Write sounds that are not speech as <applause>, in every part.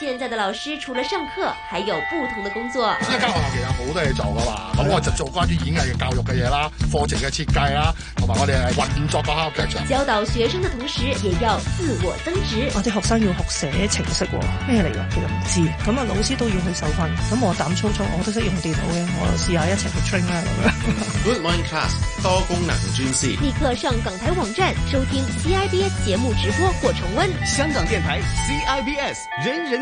現在的老師除了上課，還有不同的工作。一間學校其實有好多嘢做噶嘛，咁我就做關於演藝嘅教育嘅嘢啦，課程嘅設計啦、啊，同埋我哋係運作嗰個劇場。教導學生嘅同時，亦要自我增值。我啲學生要學寫程式，咩嚟噶？佢又唔知。咁啊，我那老師都要去受訓。咁我膽粗粗，我都識用電腦嘅，我試下一齊去 train 啦、啊。Good morning class，多功能鑽師。立刻上港台網站收聽 CIBS 節目直播或重温。香港電台 CIBS，人人。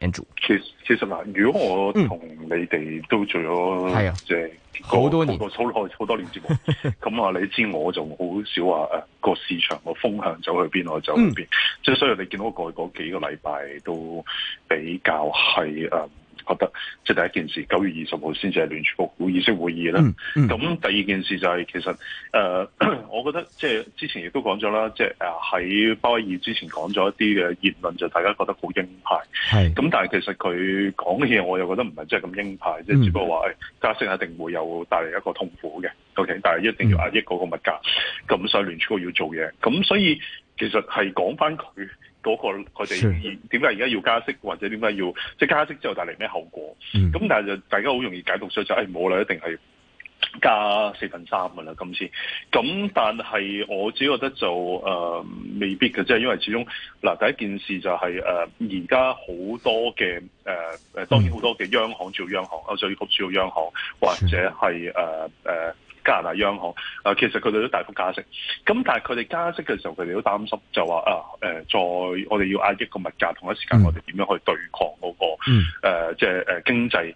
其其實嗱，如果我同你哋都做咗即係好多年，好耐好多年節目，咁啊，你知我仲好少話誒，呃這個市場個風向走去邊我走去邊，即、嗯、係所以你見到過去嗰幾個禮拜都比較係誒。呃我覺得即係第一件事，九月二十號先至係聯儲局議息會議啦。咁、嗯嗯、第二件事就係、是、其實誒、呃，我覺得即係之前亦都講咗啦，即係啊喺鮑威爾之前講咗一啲嘅言論，就大家覺得好鷹派。係咁，但係其實佢講嘅嘢，我又覺得唔係真係咁鷹派，即、嗯、係只不過話誒加息一定會有帶嚟一個痛苦嘅，OK？但係一定要壓抑嗰個物價，咁所以聯儲局要做嘢。咁所以其實係講翻佢。嗰個佢哋點解而家要加息，或者點解要即係加息之後帶嚟咩後果？咁、嗯、但係就大家好容易解讀，出就誒冇啦，一定係加四分三嘅啦今次。咁但係我自己覺得就誒、呃、未必嘅，即係因為始終嗱第一件事就係誒而家好多嘅誒誒，當然好多嘅央行主要央行，歐洲局主要央行，或者係誒誒。呃呃加拿大央行啊、呃，其實佢哋都大幅加息，咁但係佢哋加息嘅時候，佢哋都擔心就話啊，誒、呃，在我哋要壓抑個物價，同一時間我哋點樣去對抗嗰、那個誒、嗯呃，即係誒、呃、經濟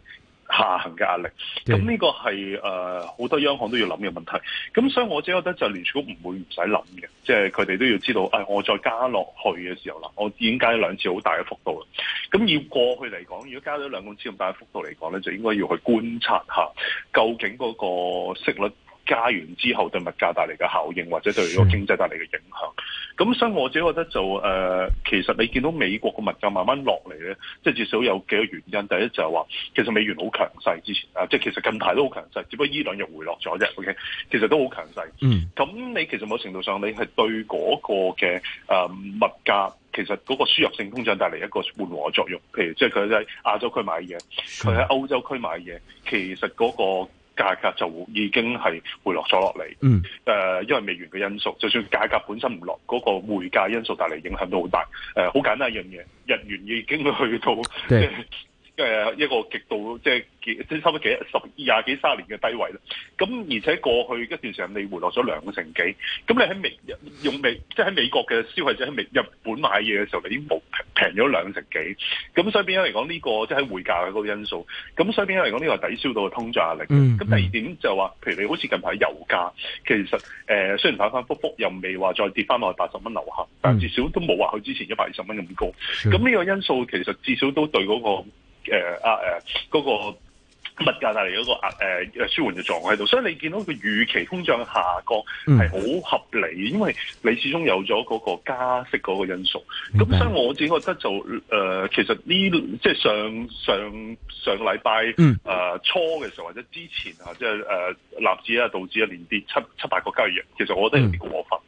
下行嘅壓力，咁呢個係誒好多央行都要諗嘅問題，咁所以我只覺得就聯儲唔會唔使諗嘅，即係佢哋都要知道，誒、哎、我再加落去嘅時候啦，我已經加咗兩次好大嘅幅度啦，咁以過去嚟講，如果加咗兩次咁大嘅幅度嚟講咧，就應該要去觀察下究竟嗰個息率。加完之後對物價帶嚟嘅效應，或者對個經濟帶嚟嘅影響，咁所以我自己覺得就誒、呃，其實你見到美國嘅物價慢慢落嚟咧，即係至少有幾個原因。第一就係話，其實美元好強勢之前啊，即係其實近排都好強勢，只不過依兩日回落咗啫。OK，其實都好強勢。嗯，咁你其實某程度上你係對嗰個嘅誒、呃、物價，其實嗰個輸入性通脹帶嚟一個緩和嘅作用。譬如即係佢喺亞洲區買嘢，佢喺歐洲區買嘢，其實嗰、嗰個，價格就已經係回落咗落嚟，誒、嗯呃，因為美元嘅因素，就算價格本身唔落，嗰、嗰個匯價因素帶嚟影響都好大。誒、呃，好簡單一樣嘢，日元已經去到。 <laughs> 誒、呃、一個極度即係幾即係差唔多幾十廿幾三十年嘅低位啦。咁而且過去一段時間，你回落咗兩成幾，咁你喺美用美即係喺美國嘅消費者喺美日本買嘢嘅時候，你已經平平咗兩成幾，咁所以變咗嚟講呢、這個即係匯價嗰個因素，咁所以變咗嚟講呢個抵消到個通脹壓力咁、嗯嗯、第二點就話、是，譬如你好似近排油價，其實誒、呃、雖然反反覆覆又未話再跌翻落去八十蚊樓下、嗯，但至少都冇話佢之前一百二十蚊咁高。咁、嗯、呢個因素其實至少都對嗰、那個。誒、呃、啊誒，嗰、啊啊那個物價帶嚟嗰個壓誒、啊啊、舒緩嘅狀況喺度，所以你見到佢預期通脹下降係好合理，嗯、因為你始終有咗嗰個加息嗰個因素。咁所以我自己覺得就誒、呃，其實呢即係上上上個禮拜誒、呃、初嘅時候或者之前啊，即係誒納指啊、道指啊連跌七七八個交易日，其實我覺得有啲過分。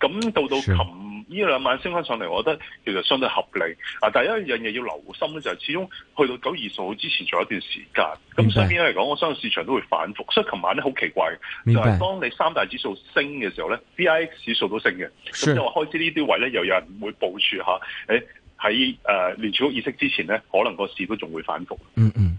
咁、嗯、到到琴。呢兩晚升翻上嚟，我覺得其實相對合理啊！但係有一樣嘢要留心咧，就係始終去到九月二十號之前仲有一段時間。咁相邊嚟講，我相信市場都會反覆。所以琴晚咧好奇怪，就係、是、當你三大指數升嘅時候咧 VIX 指數都升嘅。咁就話開始呢啲位咧，又有人會部署下誒喺誒聯儲局議息之前咧，可能個市都仲會反覆。嗯嗯。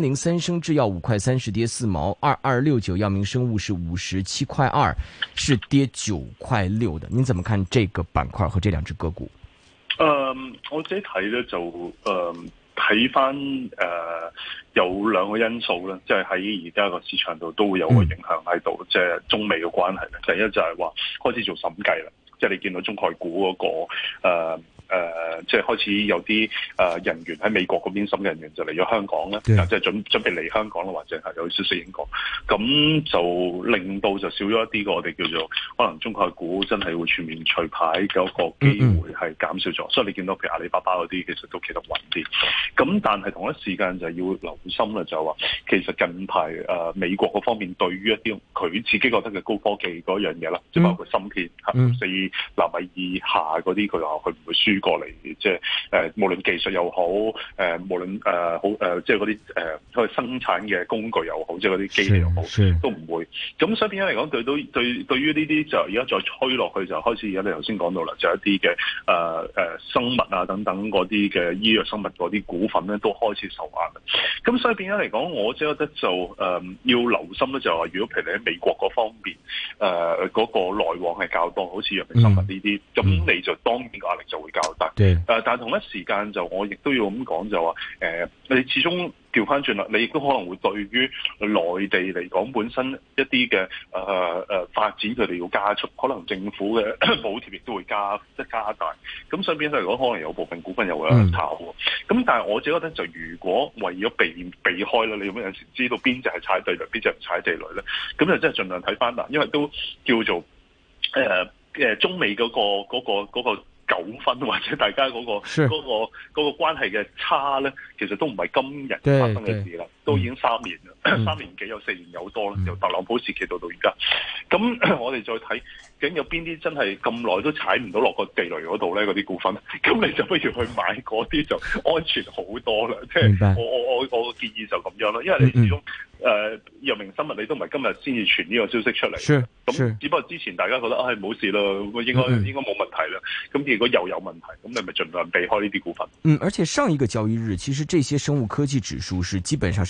零三生製藥五塊三是跌四毛，二二六九藥明生物是五十七塊二，是跌九塊六的。你怎麼看這個板塊和這兩隻個股？誒、嗯，我自己睇咧就誒睇翻誒有兩個因素咧，即係喺而家個市場度都會有個影響喺度，即係中美嘅關係咧。第一就係話開始做審計啦，即係你見到中概股嗰個誒。呃誒、呃，即係開始有啲誒人員喺美國嗰邊，審嘅人員就嚟咗香港咧，yeah. 即係準準備嚟香港啦，或者係有少少英國咁就令到就少咗一啲我哋叫做可能中概股真係會全面除牌嘅一個機會係減少咗，mm -hmm. 所以你見到譬如阿里巴巴嗰啲其實都企得穩啲，咁但係同一時間就要留心啦，就係話其實近排誒、呃、美國嗰方面對於一啲佢自己覺得嘅高科技嗰樣嘢啦，即、mm、係 -hmm. 包括芯片、四納米以下嗰啲，佢話佢唔會輸，過嚟即係誒、呃，無論技術又好誒、呃，無論誒好誒，即係嗰啲誒去生產嘅工具又好，即係嗰啲機器又好，都唔會。咁所以變咗嚟講，佢都對對於呢啲就而家再吹落去，就開始而家你頭先講到啦，就一啲嘅誒誒生物啊等等嗰啲嘅醫藥生物嗰啲股份咧，都開始受壓。咁所以變咗嚟講，我即覺得就誒、呃、要留心咧，就話如果譬如你喺美國嗰方面誒嗰、呃那個來往係較多，好似藥明生物呢啲，咁、嗯、你就、嗯、當然個壓力就會較。但、呃、但同一時間就我亦都要咁講，就話、呃、你始終調翻轉啦。你亦都可能會對於內地嚟講本身一啲嘅誒誒發展，佢哋要加速，可能政府嘅 <coughs> 補貼亦都會加即加大。咁身邊都嚟講，可能有部分股份又會有人炒喎。咁、嗯、但係我自己覺得，就如果為咗避免、避開啦，你有冇有時知道邊隻係踩地雷，邊隻唔踩地雷咧？咁就真係盡量睇翻啦。因為都叫做誒、呃呃、中美嗰個嗰個嗰個。那個那個那個糾紛，或者大家嗰、嗰個嗰、sure. 嗰個嗰、嗰個關係嘅差咧，其實都唔係今日發生嘅事啦。Yeah, yeah. 都已經三年啦、嗯，三年幾有四年有多啦，由特朗普時期到到而家。咁我哋再睇，究竟有邊啲真係咁耐都踩唔到落個地雷嗰度咧？嗰啲股份，咁你就不如去買嗰啲就安全好多啦。即係我我我我建議就咁樣啦，因為你始終誒、嗯呃、藥明生物你都唔係今日先至傳呢個消息出嚟，咁、嗯、只不過之前大家覺得啊冇、哎、事咯、嗯，應該應該冇問題啦。咁如果又有問題，咁你咪盡量避開呢啲股份。嗯，而且上一個交易日，其實這些生物科技指數是基本上。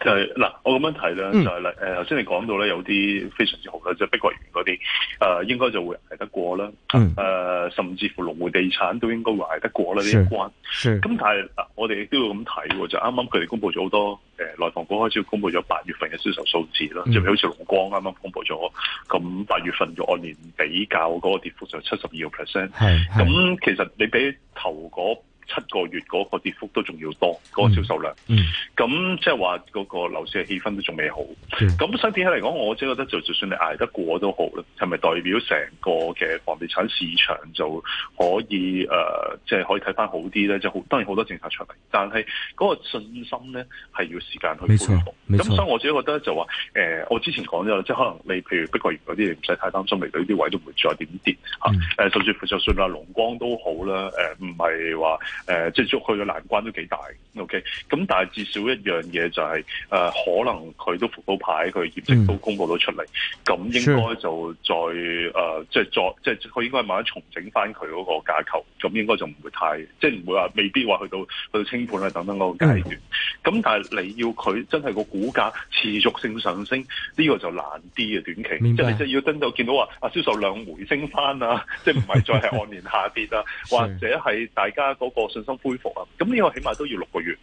就嗱、是，我咁樣睇呢，嗯、就係咧誒，頭、呃、先你講到咧有啲非常之好啦，即係碧桂園嗰啲，誒、呃、應該就會捱得過啦，誒、嗯呃、甚至乎龍湖地產都應該捱得過啦呢一關。咁但係嗱，我哋都要咁睇喎，就啱啱佢哋公布咗好多誒、呃、內房股開始公布咗八月份嘅銷售數字啦，即係好似龍光啱啱公布咗，咁八月份就按年比較嗰個跌幅就七十二個 percent。咁，其實你俾頭嗰七個月嗰個跌幅都仲要多，嗰、那個銷售量。咁、嗯嗯、即係話嗰個樓市嘅氣氛都仲未好。咁所以起嚟講，我自己覺得就就算你捱得過都好啦，係咪代表成個嘅房地產市場就可以誒，即、呃、係、就是、可以睇翻好啲咧？即、就、係、是、好當然好多政策出嚟，但係嗰個信心咧係要時間去恢復。咁所以我自己覺得就話誒、呃，我之前講咗，即係可能你譬如碧桂園嗰啲唔使太擔心，未到呢啲位都唔會再點跌嚇。誒、嗯，啊、就算就算啦龍光都好啦，誒唔係話。誒、呃，即係捉佢嘅難關都幾大，OK？咁但係至少一樣嘢就係、是、誒、呃，可能佢都復到牌，佢業績都公布到出嚟，咁、嗯、應該就再誒、呃，即係再即係佢應該慢慢重整翻佢嗰個架構，咁應該就唔會太，即係唔會話未必話去到去到清盤啊等等嗰個階段。咁、嗯、但係你要佢真係個股價持續性上升，呢、這個就難啲嘅、啊、短期，即係即係要真到見到話啊銷售量回升翻啊，即係唔係再係按年下跌啊， <laughs> 或者係大家嗰、那個。信心恢復啊！咁呢個起碼都要六個月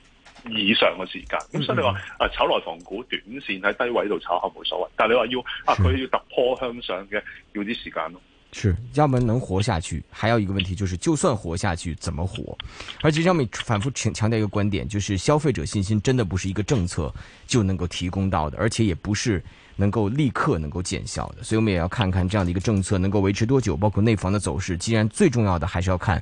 以上嘅時間。咁、嗯、所以你話啊炒內房股短線喺低位度炒下冇所謂，但係你話要啊佢要突破向上嘅，要啲時間咯。是，要麼能活下去，還有一個問題就是，就算活下去，怎麼活？而且，要麼反覆強強調一個觀點，就是消費者信心真的不是一個政策就能夠提供到的，而且也不是能夠立刻能夠見效的。所以，我們也要看看這樣的一個政策能夠維持多久，包括內房的走勢。既然最重要的還是要看。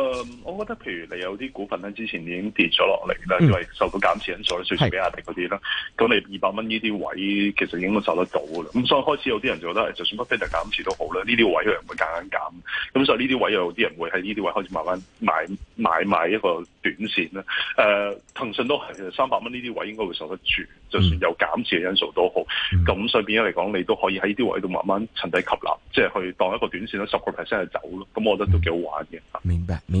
嗯、我覺得譬如你有啲股份咧，之前已經跌咗落嚟啦，因、嗯、為、就是、受到減持因素咧，就算比亞迪嗰啲啦，咁你二百蚊呢啲位，其實應該受得到噶啦。咁所以開始有啲人就覺得，就算巴菲特減持都好咧，呢啲位佢唔會夾硬減。咁所以呢啲位又有啲人會喺呢啲位開始慢慢買買買，買一個短線咧。誒、呃，騰訊都係三百蚊呢啲位應該會受得住，就算有減持嘅因素都好。咁所以變咗嚟講，你都可以喺呢啲位度慢慢趁低吸納，即係去當一個短線十個 percent 去走咯。咁我覺得都幾好玩嘅、嗯。明白。明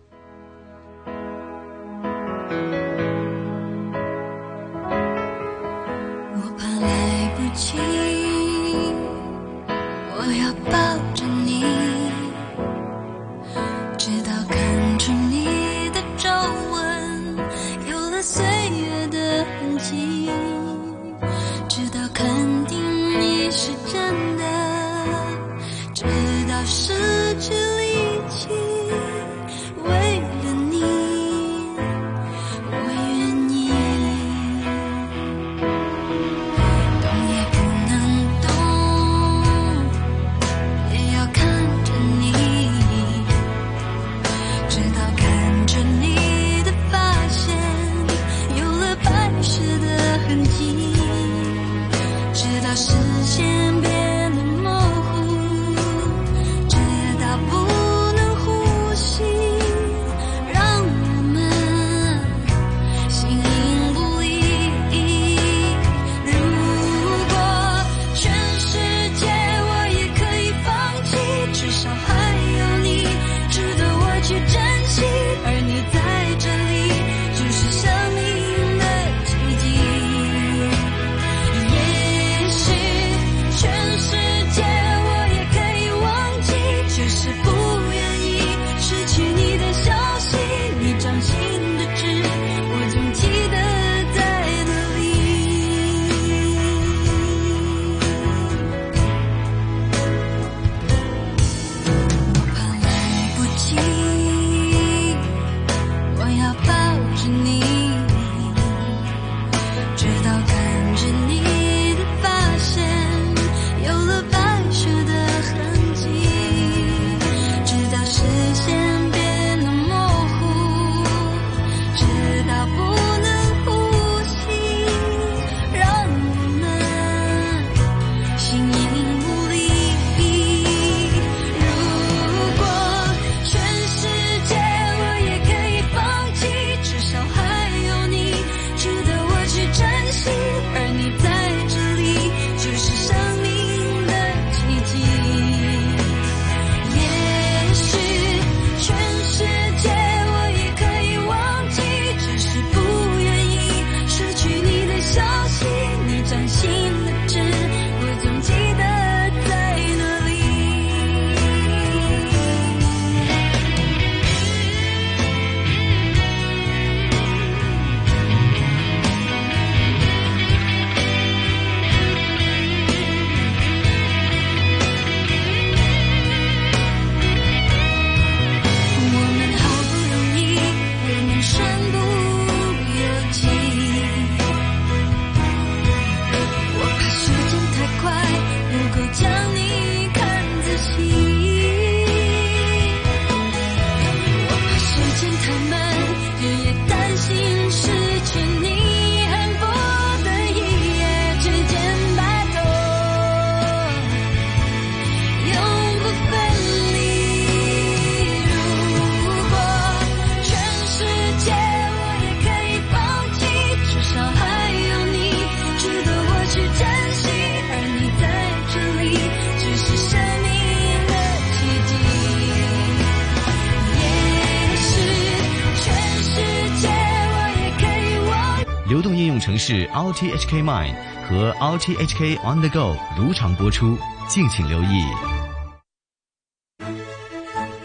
是 R T H K Mind 和 R T H K On the Go 如常播出，敬請留意。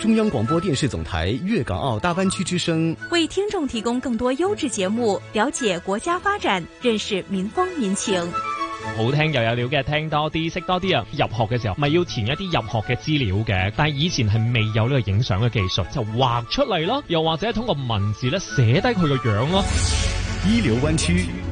中央廣播電視總台粵港澳大灣區之聲為聽眾提供更多優質節目，了解國家發展，認識民風民情。好聽又有料嘅，聽多啲，識多啲啊！入學嘅時候咪要填一啲入學嘅資料嘅，但係以前係未有呢個影相嘅技術，就畫出嚟咯，又或者通過文字咧寫低佢個樣咯。醫療灣區。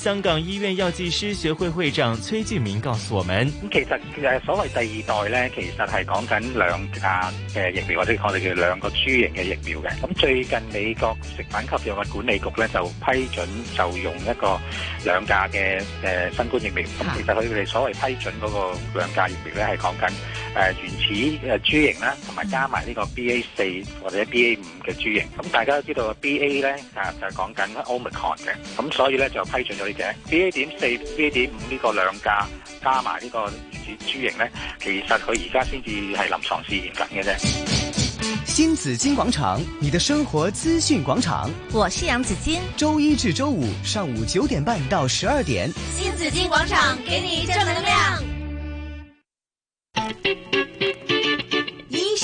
香港醫院藥劑師學會會長崔俊明告訴我們：咁其實誒所謂第二代咧，其實係講緊兩價嘅，呃、疫苗，或者我哋叫兩個株型嘅疫苗嘅。咁，嗯、最近美國食品及藥物管理局咧，就批准就用一個兩價嘅誒新冠疫苗。咁，嗯、其實佢哋所謂批准嗰個兩價疫苗咧，係講緊誒，呃、原始誒株型啦，同埋加埋呢個 B A 四或者 B A 五嘅株型。咁，嗯、大家都知道 B A 咧，啊就係講緊 Omicron 嘅，咁所以咧就批。進咗呢隻，B A 點四、B A 點五呢個兩價，加埋呢個株型呢，其實佢而家先至係臨牀試驗緊嘅啫。新紫金廣場，你的生活資訊廣場，我是楊紫金，周一至周五上午九點半到十二點。新紫金廣場，給你正能量。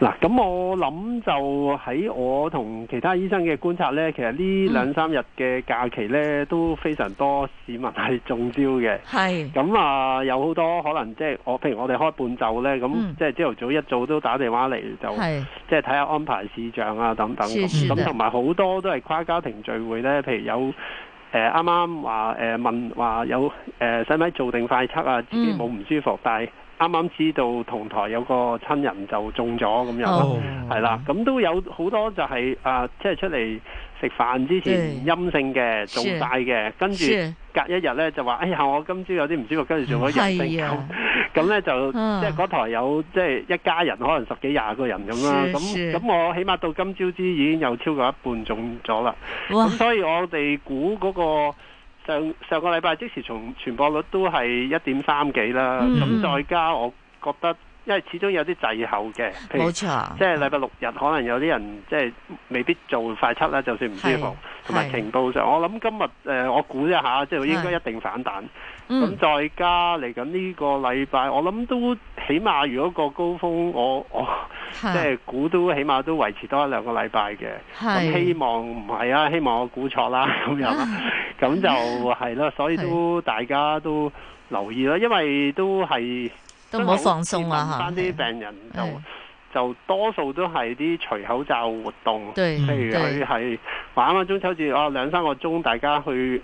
嗱，咁我諗就喺我同其他醫生嘅觀察呢，其實呢兩三日嘅假期呢都非常多市民係中招嘅。係咁啊，有好多可能即係我，譬如我哋開半晝呢，咁即係朝頭早一早都打電話嚟就，即係睇下安排視像啊等等。是咁，同埋好多都係跨家庭聚會呢，譬如有啱啱話誒問話有誒使唔使做定快測啊？自己冇唔舒服，但、嗯、係。啱啱知道同台有個親人就中咗咁樣咯，係啦，咁都有好多就係啊，即係出嚟食飯之前陰性嘅，中大嘅，跟住隔一日咧就話，哎呀，我今朝有啲唔舒服，跟住做咗陽性。咁咧就即係嗰台有即係一家人，可能十幾廿個人咁啦。咁咁我起碼到今朝之已經有超過一半中咗啦。咁所以我哋估嗰個。上上個禮拜即時從傳播率都係一點三幾啦，咁、嗯、再加我覺得。即係始終有啲滯後嘅，即係禮拜六日可能有啲人即係未必做快測啦，就算唔舒服，同埋情報上，我諗今日誒，我估、呃、一下，即係應該一定反彈。咁再加嚟緊呢個禮拜，我諗都起碼如果個高峰，我我即係估都起碼都維持多一兩個禮拜嘅。咁希望唔係啊，希望我估錯啦咁樣，咁 <laughs> 就係咯。所以都大家都留意啦，因為都係。都冇放鬆啊！嚇，翻啲病人就就多數都係啲除口罩活動，譬如佢係玩下中秋節哦、啊，兩三個鐘大家去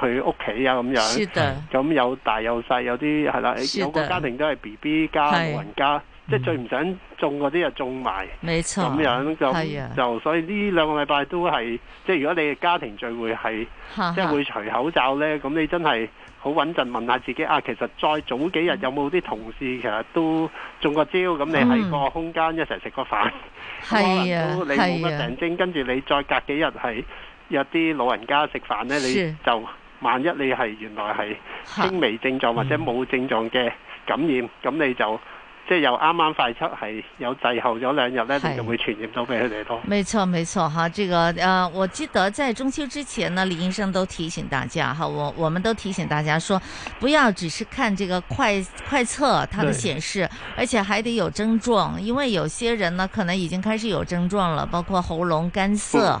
去屋企啊咁樣，咁有大有細，有啲係啦，有個家庭都係 B B 加老人家，即係最唔想中嗰啲又中埋，咁樣就就所以呢兩個禮拜都係，即係如果你嘅家庭聚會係，即係會除口罩咧，咁你真係。好穩陣問下自己啊，其實再早幾日有冇啲同事其實都中過招咁？嗯、你喺個空間一齊食個飯，啊，可能都你冇乜病徵，跟住、啊、你再隔幾日係有啲老人家食飯呢，你就萬一你係原來係輕微症狀或者冇症狀嘅感染，咁、嗯、你就。即係又啱啱快出係有滯後咗兩日咧，你就會傳染到俾佢哋多？沒錯沒錯哈，這個呃，我記得在中秋之前呢，李醫生都提醒大家哈，我我們都提醒大家說，不要只是看這個快快測它的顯示，而且還得有症狀，因為有些人呢可能已經開始有症狀了，包括喉嚨乾澀。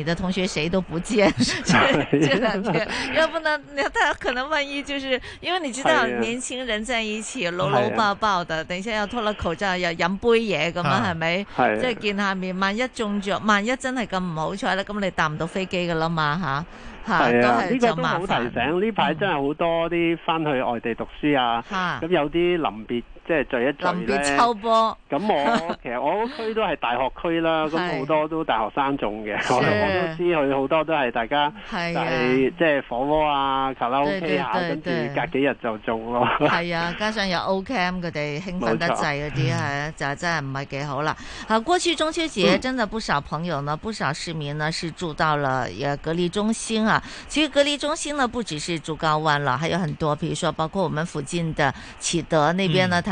你的同學誰都不見， <laughs> 這兩天，要不能，他可能萬一就是因為你知道，年輕人在一起摟摟抱抱的，等一下要脱了口罩又飲杯嘢咁啊，係咪？即係、啊、見下面，萬一中着，萬一真係咁唔好彩咧，咁你搭唔到飛機噶啦嘛，吓、啊、吓，係、啊，這個都好提醒，呢排真係好多啲翻去外地讀書啊，咁、啊、有啲臨別。即係聚一聚波。咁我其實我嗰區都係大學區啦，咁 <laughs> 好多都大學生種嘅，是我，我都知佢好多都係大家是、啊，即係火鍋啊、卡拉 OK 啊，跟住隔幾日就種咯。係 <laughs> 啊，加上有 O.K.M 佢哋興奮得滯嗰啲，就真係唔係幾好啦。啊，過去中秋節、嗯，真的不少朋友呢，不少市民呢，是住到了嘅隔離中心啊。其實隔離中心呢，不只是竹篙灣啦，還有很多，譬如說包括我們附近的啟德那邊呢，嗯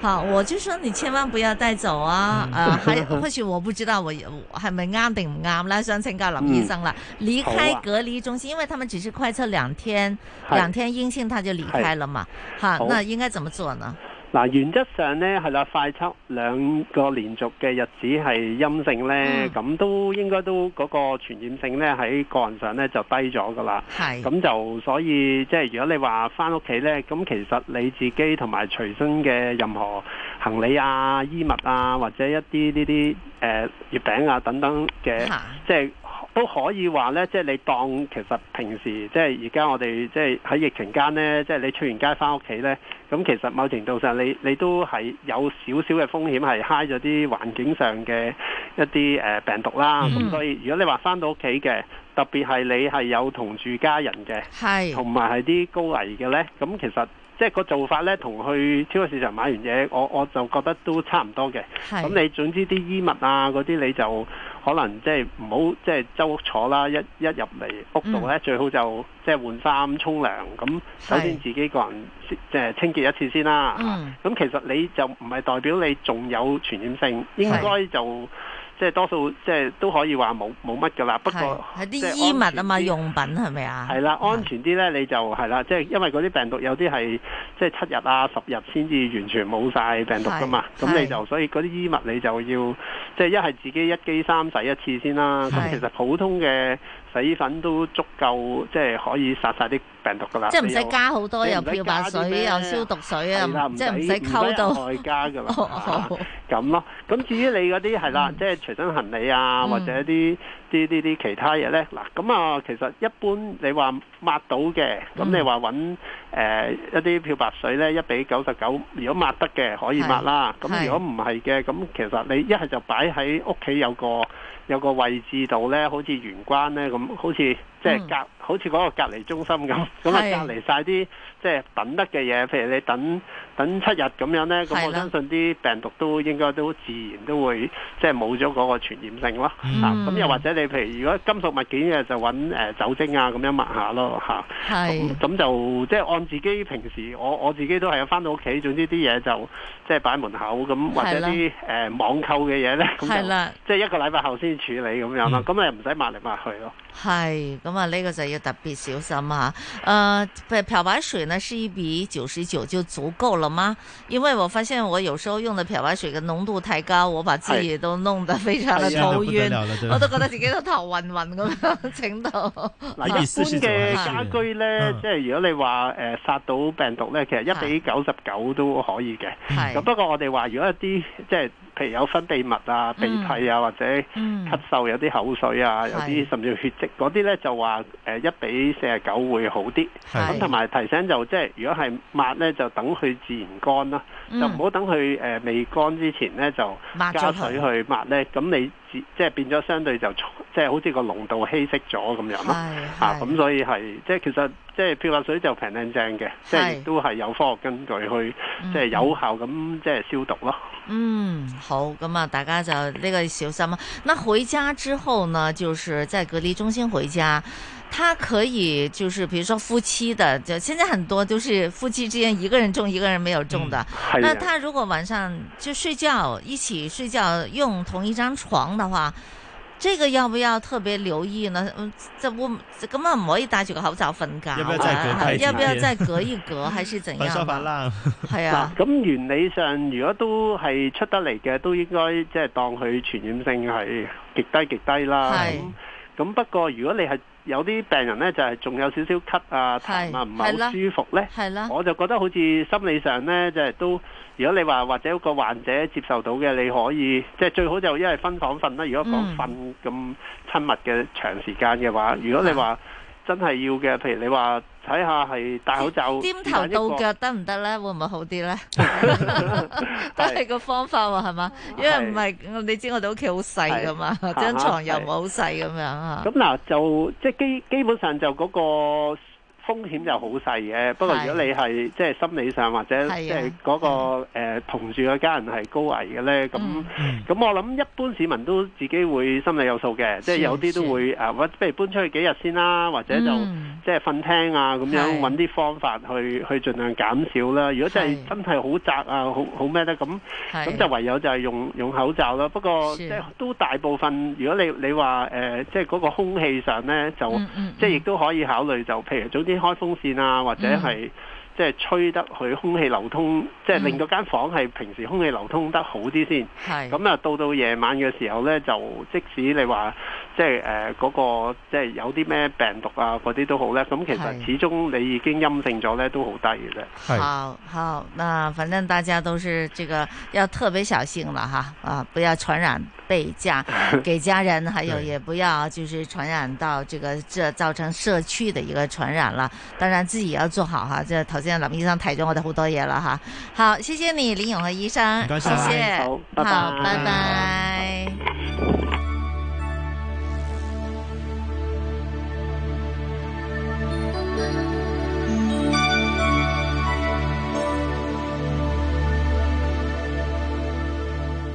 好，我就說你千萬不要帶走啊！ <laughs> 啊，還或許我不知道，我，我還沒啱定唔啱啦？我們來嗯、想請教林醫生啦，離開隔離中心，啊、因為他們只是快測兩天， <laughs> 兩天陰性，他就離開了嘛。 <laughs> 好，那應該怎麼做呢？ <laughs> 嗱，原則上呢係啦，快測兩個連續嘅日子係陰性呢，咁、嗯、都應該都嗰個傳染性呢喺個人上呢就低咗噶啦。係，咁就所以即係如果你話翻屋企呢，咁其實你自己同埋隨身嘅任何行李啊、衣物啊，或者一啲呢啲誒月餅啊等等嘅、啊，即係。都可以話呢，即係你當其實平時，即係而家我哋即係喺疫情間呢，即係你出完街翻屋企呢，咁其實某程度上你你都係有少少嘅風險係 high 咗啲環境上嘅一啲誒病毒啦。咁、嗯、所以如果你話翻到屋企嘅，特別係你係有同住家人嘅，係同埋係啲高危嘅呢，咁其實。即係個做法咧，同去超級市場買完嘢，我我就覺得都差唔多嘅。咁你總之啲衣物啊嗰啲，你就可能即係唔好即係周屋坐啦。一一入嚟屋度咧、嗯，最好就即係換衫、沖涼。咁首先自己個人即係清潔一次先啦。咁、嗯、其實你就唔係代表你仲有傳染性，應該就。即係多數即係都可以話冇冇乜㗎啦。不過係啲衣物啊嘛，用品係咪啊？係啦，安全啲咧你就係啦，即係因為嗰啲病毒有啲係即係七日啊十日先至完全冇晒病毒㗎嘛。咁你就所以嗰啲衣物你就要即係一係自己一機三洗一次先啦。咁其實普通嘅。洗衣粉都足夠，即係可以殺晒啲病毒噶啦。即係唔使加好多，又漂白水，又消毒水唔使，唔使 <laughs> 啊，即係唔使溝到。唔加嘅啦，咁咯。咁至於你嗰啲係啦，即係隨身行李啊，或者啲啲啲啲其他嘢咧。嗱，咁啊，其實一般你話抹到嘅，咁、嗯、你話揾誒一啲漂白水咧，一比九十九，如果抹得嘅可以抹啦。咁如果唔係嘅，咁其實你一係就擺喺屋企有個。有個位置度咧，好似玄關咧咁，好似即係隔，嗯、好似嗰個隔離中心咁，咁啊隔離晒啲即係等得嘅嘢，譬如你等，等七日咁樣咧，咁我相信啲病毒都應該都自然都會即係冇咗嗰個傳染性咯。咁、嗯啊、又或者你譬如如果金屬物件嘅就揾、呃、酒精啊咁樣抹下咯嚇。咁、嗯、就即係按自己平時，我我自己都係翻到屋企，總之啲嘢就即係擺喺門口咁、嗯，或者啲誒、呃、網購嘅嘢咧，咁就即係一個禮拜後先處理咁樣啦。咁啊唔使抹嚟抹去咯。係，咁啊呢個就要特別小心嚇、啊。誒、呃，漂白水呢是一比九十九就足夠囉。嗎？因為我發現我有時候用的漂白水嘅濃度太高，我把自己都弄得非常的頭暈，我都覺得自己都頭暈暈咁樣整到嗱，一般嘅家居咧，即係如果你話誒殺到病毒咧，其實一比九十九都可以嘅。咁不過我哋話如果有一啲即係譬如有分泌物啊、鼻涕啊或者咳嗽有啲口水啊、嗯、有啲甚至血跡嗰啲咧，就話誒一比四十九會好啲。咁同埋提醒就即係如果係抹咧，就等佢自。乾啦，就唔好等佢誒未乾之前咧，就抹加水去抹咧，咁你即係變咗相對就即係好似個濃度稀釋咗咁樣咯，啊咁所以係即係其實即係漂白水就平靚正嘅，即係都係有科學根據去即係有效咁即係消毒咯。嗯，好咁啊，大家就呢個小心啊。嗱，回家之後呢，就是在隔離中心回家。他可以，就是，比如說夫妻的，就現在很多都是夫妻之間一個人中一個人沒有中的。嗯啊、那他如果晚上就睡覺，一起睡覺用同一張床的話，這個要不要特別留意呢？這我根本唔可以戴住個口罩瞓覺。要不要再隔、啊啊、要不要再隔一隔？ <laughs> 還是怎樣？方法啦。係 <laughs> 啊。咁原理上，如果都係出得嚟嘅，都應該即係當佢傳染性係極低極低啦。係。咁不過如果你係。有啲病人呢，就係、係、仲有少少咳啊痰啊，唔係好舒服呢。我就覺得好似心理上呢，就係、係、都。如果你話或者個患者接受到嘅，你可以即係、就是、最好就一係分房瞓啦。如果講瞓咁親密嘅長時間嘅話、嗯，如果你話真係要嘅，譬如你話。睇下係戴口罩，尖頭到腳得唔得咧？會唔會好啲咧？都 <laughs> 係 <laughs> 個方法喎，係 <laughs> 嘛？因為唔係你知我哋屋企好細噶嘛，張床又唔係好細咁樣嚇。咁嗱 <laughs> 就即基基本上就嗰、嗰個。風險就好細嘅，不過如果你係即係心理上或者即係嗰個誒同住嘅家人係高危嘅咧，咁咁我諗一般市民都自己會心理有數嘅，即係有啲都會誒，不如搬出去幾日先啦，或者就即係瞓廳啊咁樣搵啲方法去去盡量減少啦。如果真係真係好窄啊，好好咩咧咁咁就唯有就係用用口罩啦。不過即係都大部分，如果你你話誒即係嗰個空氣上咧，就即係亦都可以考慮，就譬如早啲。開風扇啊，或者係、嗯、即係吹得佢空氣流通，即係令嗰間房係平時空氣流通得好啲先。咁啊，到到夜晚嘅時候呢，就即使你話。即係誒嗰個，即係有啲咩病毒啊，嗰啲都好咧。咁其實始終你已經陰性咗咧，都好低嘅啫。好好，嗱，反正大家都是這個要特別小心啦，哈！啊，不要傳染被嫁，給家人，還有也不要就是傳染到這個，這造成社區的一個傳染了。當然自己也要做好哈，就頭先阿林醫生睇咗我哋好多嘢喇哈。好，謝謝你，林永和醫生，唔該曬，好，拜拜。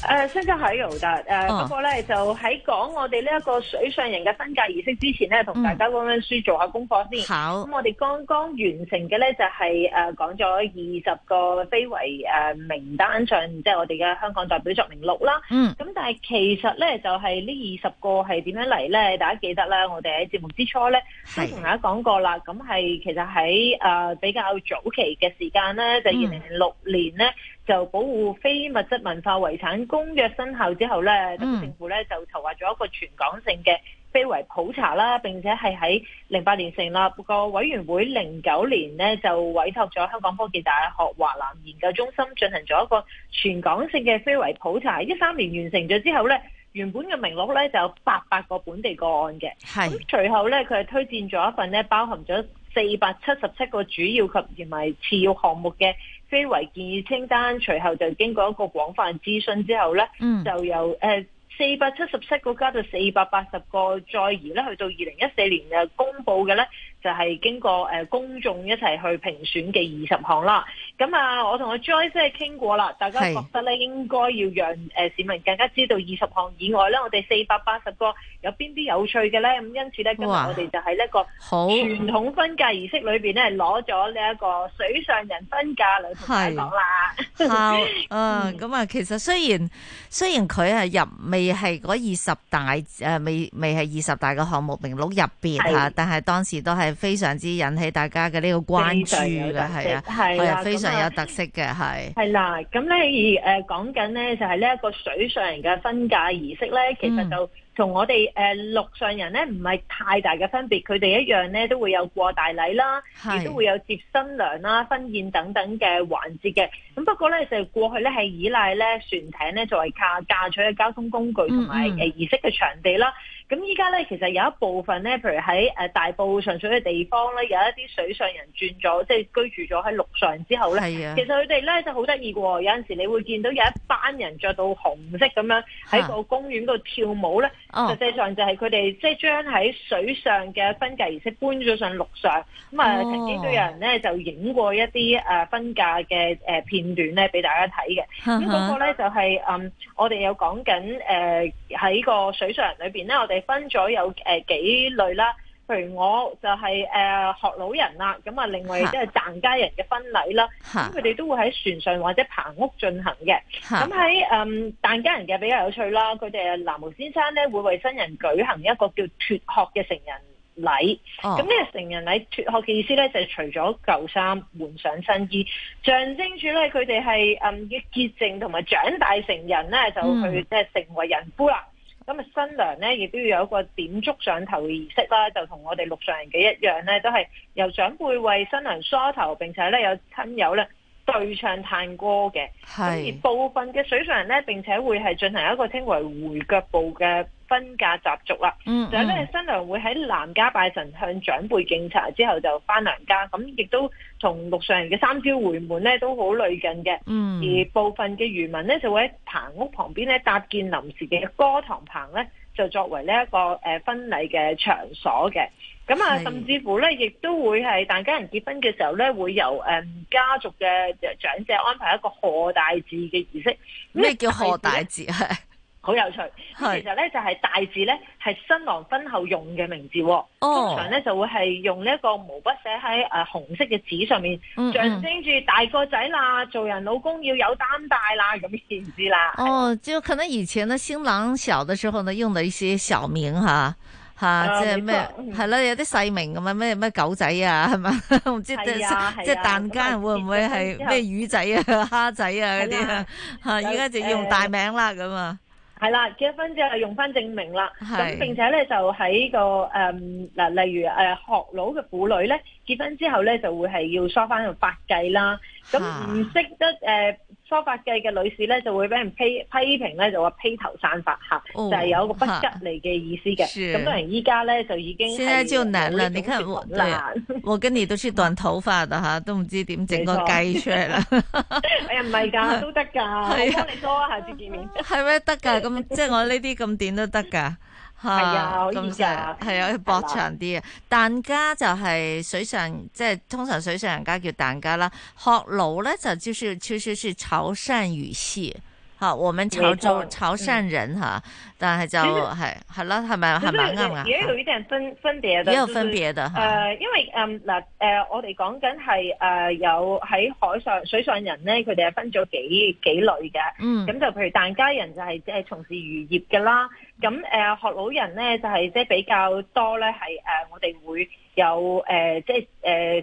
誒，相信喺度噶誒，不過咧，就喺講我哋呢一個水上人嘅分界儀式之前咧，同大家溫溫書，做下功課先。好。咁、嗯、我哋剛剛完成嘅咧就係誒講咗二十個非遺誒、呃、名單上，即、就、係、是、我哋嘅香港代表作名錄啦。嗯。咁但係其實咧就係、是、呢二十個係點樣嚟咧？大家記得啦，我哋喺節目之初咧都同大家講過啦。咁係其實喺誒、呃、比較早期嘅時間咧，就二零零六年咧。嗯就保護非物質文化遺產公約生效之後呢、嗯、政府呢就籌劃咗一個全港性嘅非遺普查啦。並且係喺零八年成立個委員會，零九年呢就委託咗香港科技大學華南研究中心進行咗一個全港性嘅非遺普查。一三年完成咗之後呢，原本嘅名錄呢就有八百個本地個案嘅。係。咁隨後呢，佢係推薦咗一份呢，包含咗四百七十七個主要及同埋次要項目嘅。非遺建議清單隨後就經過一個廣泛諮詢之後咧、嗯，就由誒四百七十七個加到四百八十個在，再移咧去到二零一四年誒公布嘅咧。就係、是、經過誒公眾一齊去評選嘅二十項啦，咁啊，我同阿 Joyce 傾過啦，大家覺得咧應該要讓誒市民更加知道二十項以外咧，我哋四百八十個有邊啲有趣嘅咧，咁因此咧今日我哋就喺呢個傳統婚嫁儀式裏邊咧，攞咗呢一個水上人婚嫁嚟，同大家講啦。嗯，咁啊、呃，其實雖然雖然佢係入未係嗰二十大誒，未未係二十大嘅項目名錄入邊吓，但係當時都係。係非常之引起大家嘅呢個關注嘅，係啊，係啊，非常有特色嘅，係。係啦，咁咧、嗯、而誒，講緊咧就係呢一個水上人嘅婚嫁儀式咧、嗯，其實就同我哋誒陸上人咧唔係太大嘅分別，佢、嗯、哋一樣咧都會有過大禮啦，亦都會有接新娘啦、婚宴等等嘅環節嘅。咁不過咧就係過去咧係依賴咧船艇咧作為嫁嫁娶嘅交通工具同埋誒儀式嘅場地啦。嗯嗯咁依家咧，其實有一部分咧，譬如喺大埔上水嘅地方咧，有一啲水上人轉咗，即係居住咗喺陸上之後咧，其實佢哋咧就好得意嘅喎。有陣時你會見到有一班人着到紅色咁樣喺個公園度跳舞咧。實際上就係佢哋即係將喺水上嘅婚嫁儀式搬咗上陸上。咁啊曾經都有人咧就影過一啲誒婚嫁嘅誒片段咧，俾大家睇嘅。咁嗰個咧就係嗯，我哋有講緊誒喺個水上人裏邊咧，我哋分咗有誒幾類啦。譬如我就係、是、誒、呃、學老人啦，咁啊另外即係疍家人嘅婚禮啦，咁佢哋都會喺船上或者棚屋進行嘅。咁喺誒疍家人嘅比較有趣啦，佢哋南無先生咧會為新人舉行一個叫脫殼嘅成人禮。咁、哦、呢個成人禮脫殼嘅意思咧就係、是、除咗舊衫換上新衣，象徵住咧佢哋係誒要潔淨同埋長大成人咧就去即係成為人夫啦。嗯咁啊，新娘咧亦都要有一個點燭上頭嘅儀式啦，就同我哋陸上人嘅一樣咧，都係由長輩為新娘梳頭，並且咧有親友咧，對唱探歌嘅，而部分嘅水上人咧，並且會係進行一個稱為回腳步嘅婚嫁習俗啦。嗯、mm -hmm.，就係咧新娘會喺男家拜神向長輩敬茶之後就返娘家，咁亦都同陸上人嘅三朝回門咧都好類近嘅。嗯、mm -hmm.，而部分嘅漁民咧就會喺棚屋旁邊咧搭建臨時嘅歌堂棚咧。就作為呢一個誒婚禮嘅場所嘅，咁啊，甚至乎咧，亦都會係大家人結婚嘅時候咧，會由誒家族嘅長者安排一個賀大字嘅儀式。咩叫賀大字啊？ <laughs> 好有趣，其實咧就係大字咧係新郎婚後用嘅名字，哦、通常咧就會係用呢一個毛筆寫喺誒紅色嘅紙上面，象徵住大個仔啦、嗯，做人老公要有擔帶啦，咁意思啦。哦，就可能以前呢新郎小嘅時候呢用到一些小名吓吓、啊啊啊，即係咩係啦，有啲細名咁啊咩咩狗仔啊係嘛，唔 <laughs> 知、啊啊、即係蛋羹、啊啊、會唔會係咩魚仔啊蝦仔啊嗰啲啊吓，依家、啊啊、就要用大名啦咁啊。呃係啦，結婚之後用翻證明啦，咁並且咧就喺個誒嗱，呃，例如誒，呃、學佬嘅婦女咧，結婚之後咧就會係要梳翻用髮髻啦，咁唔識得誒。呃梳髮髻嘅女士咧就會俾人批批評咧，就話披頭散髮嚇、哦，就係、是、有個不吉利嘅意思嘅。咁當然依家咧就已經現在就難啦。你看我難，我跟你都是短頭髮的嚇，都唔知點整個髻出嚟啦。是 <laughs> 哎呀唔係㗎，都得㗎。我跟你多、啊、下次見面，係咩？得㗎，咁 <laughs> 即係我呢啲咁點都得㗎。係啊，咁正係啊，要駁，嗯，長啲啊！疍家就係水上，即係通常水上人家叫疍家啦。學佬咧就就是，確、就、實是潮汕語系。好、啊，我們潮州潮汕人但係就係，好了，係咪？係咪？啱啊。而家有啲人分分別嘅，有分別嘅哈。誒、就是呃，因為嗯嗱，誒、呃呃，我哋講緊係誒有喺海上水上人咧，佢哋係分咗幾幾類嘅。嗯。咁就譬如疍家人就係即係從事漁業嘅啦。咁誒、呃，學老人呢，就係即係比較多呢，係誒、呃，我哋會有誒，即係誒。即係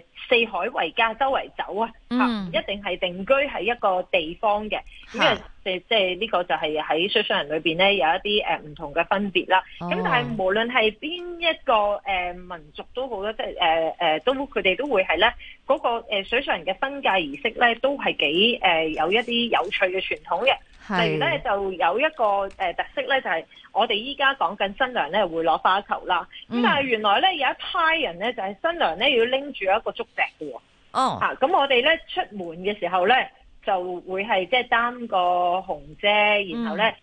誒四海為家，周圍走啊，嚇、嗯！一定係定居喺一個地方嘅。咁啊，即即係呢個就係喺水上人裏邊咧，有一啲誒唔同嘅分別啦。咁、哦、但係無論係邊一個誒民族都好啦，即係誒誒，都佢哋都會係咧嗰個水上人嘅婚嫁儀式咧，都係幾誒有一啲有趣嘅傳統嘅。例如咧，就有一個誒特色咧，就係我哋依家講緊新娘咧會攞花球啦。咁、嗯、但係原來咧有一派人咧，就係新娘咧要拎住一個竹。哦，吓、啊、咁我哋咧出門嘅時候咧，就會係即係擔個紅遮，然後咧、嗯、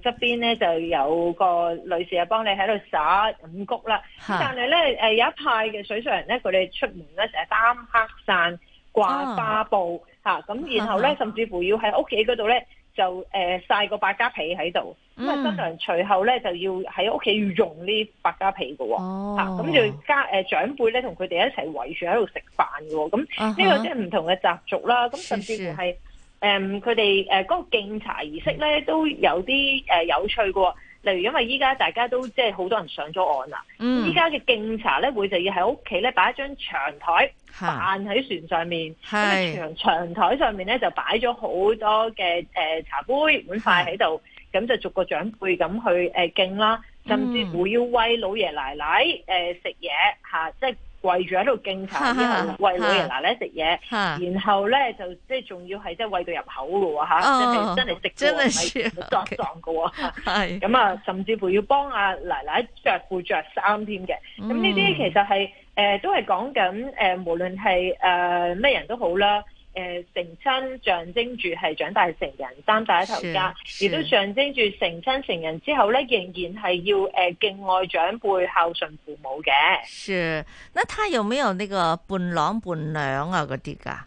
就側邊咧就有個女士啊幫你喺度灑五穀啦。但係咧，誒有一派嘅水上人咧，佢哋出門咧成日擔黑傘掛花布，吓、哦、咁、啊、然後咧甚至乎要喺屋企嗰度咧。就誒、呃、曬個百家被喺度，咁啊新娘隨後咧就要喺屋企要用呢百家被㗎喎。咁就加誒長輩咧同佢哋一齊圍住喺度食飯喎、哦。咁呢個即係唔同嘅習俗啦，咁、uh-huh. 甚至乎係佢哋嗰個敬茶儀式咧都有啲、呃、有趣嘅、哦。例如，因為依家大家都即係好多人上咗岸啦，依家嘅敬茶咧會就要喺屋企咧擺一張長台，扮喺船上面，咁長長台上面咧就擺咗好多嘅誒、呃、茶杯碗筷喺度，咁就逐個長輩咁去誒敬、呃、啦，甚至會要喂老爺奶奶誒、呃、食嘢嚇、啊，即係。跪住喺度敬茶，之後餵老爺奶奶食嘢，然後咧 <laughs> <laughs> <laughs> 就即係仲要係即係餵到入口嘅喎嚇，即、啊、係 <laughs> 真係食咗係撞撞嘅喎，係咁啊，甚至乎要幫阿、啊、奶奶着褲着衫添嘅，咁呢啲其實係誒、呃、都係講緊誒，無論係誒咩人都好啦。誒、呃，成親象徵住係長大成人，擔大頭家，亦都象徵住成親成人之後咧，仍然係要誒、呃、敬愛長輩、孝順父母嘅。是，那他有冇有呢個伴郎伴娘啊？嗰啲噶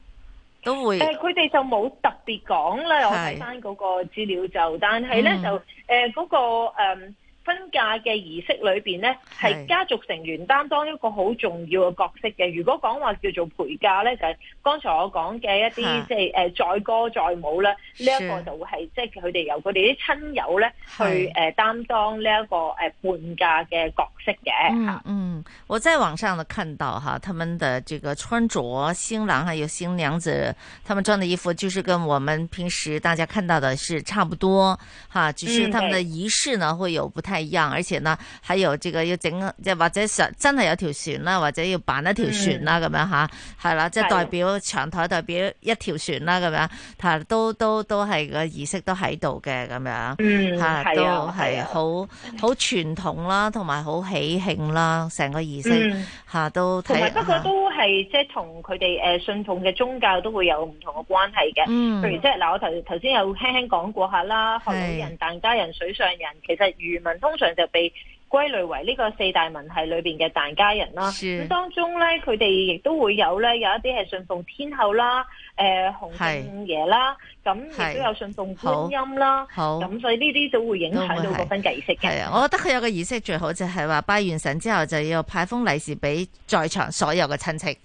都會誒，佢、呃、哋就冇特別講啦。我睇翻嗰個資料就，但係咧、嗯、就誒嗰、呃那個誒。嗯.婚嫁嘅儀式裏邊咧，係家族成員擔當一個好重要嘅角色嘅。如果講話叫做陪嫁咧，就係、是、剛才我講嘅一啲即係誒載歌載舞啦，呢一個就會係即係佢哋由佢哋啲親友咧去誒擔當呢一個誒伴嫁嘅角色嘅。嗯嗯，我在網上咧看到哈，他們的這個穿着，新郎啊還有新娘子，他們穿的衣服就是跟我們平時大家看到的是差不多，哈，只是他們的儀式呢會有不太。係樣而前啦，係由即係要整，即係或者實真係有條船啦，或者要扮一條船啦咁樣吓，係、嗯、啦，即係代表長台代表一條船啦咁樣，係都都都係個儀式都喺度嘅咁樣，吓、嗯嗯、都係好好傳統啦，同埋好喜慶啦，成個儀式吓都同埋不過都係即係同佢哋誒信奉嘅宗教都會有唔同嘅關係嘅，譬、嗯、如即係嗱，我頭頭先有輕輕講過下啦，鶴佬人、疍家人、水上人，其實漁民。通常就被歸類為呢個四大民系裏邊嘅疍家人啦、啊。咁當中咧，佢哋亦都會有咧，有一啲係信奉天后啦，誒洪聖爺啦，咁亦都有信奉觀音啦。嗯嗯、好，咁所以呢啲都會影響到嗰份儀式嘅。係啊，我覺得佢有個儀式最好就係話拜完神之後就要派封利是俾在場所有嘅親戚，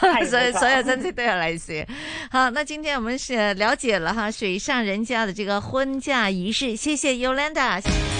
<laughs> 所所有親戚都有利是、嗯。好，那今天我們是了解了哈水上人家的這個婚嫁儀式，謝謝 Yolanda 謝謝。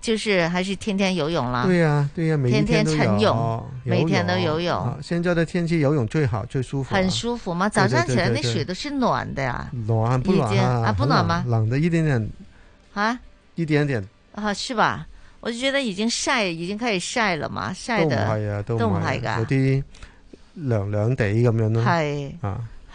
就是還是天天游泳了。對呀、啊，對呀、啊，每天都有天天晨泳、哦、游泳，每天都游泳、啊。現在的天氣游泳最好，最舒服、啊。很舒服嗎？早上起來，對對對對對，那水都是暖的呀、啊。暖不暖已經啊暖？不暖嗎？冷的一點點。啊。一點點。啊，是吧？我就覺得已經曬，已經開始曬了嘛，曬的動、啊動啊動啊動啊、的。都唔都都有啲涼涼地咁樣咯。係。啊。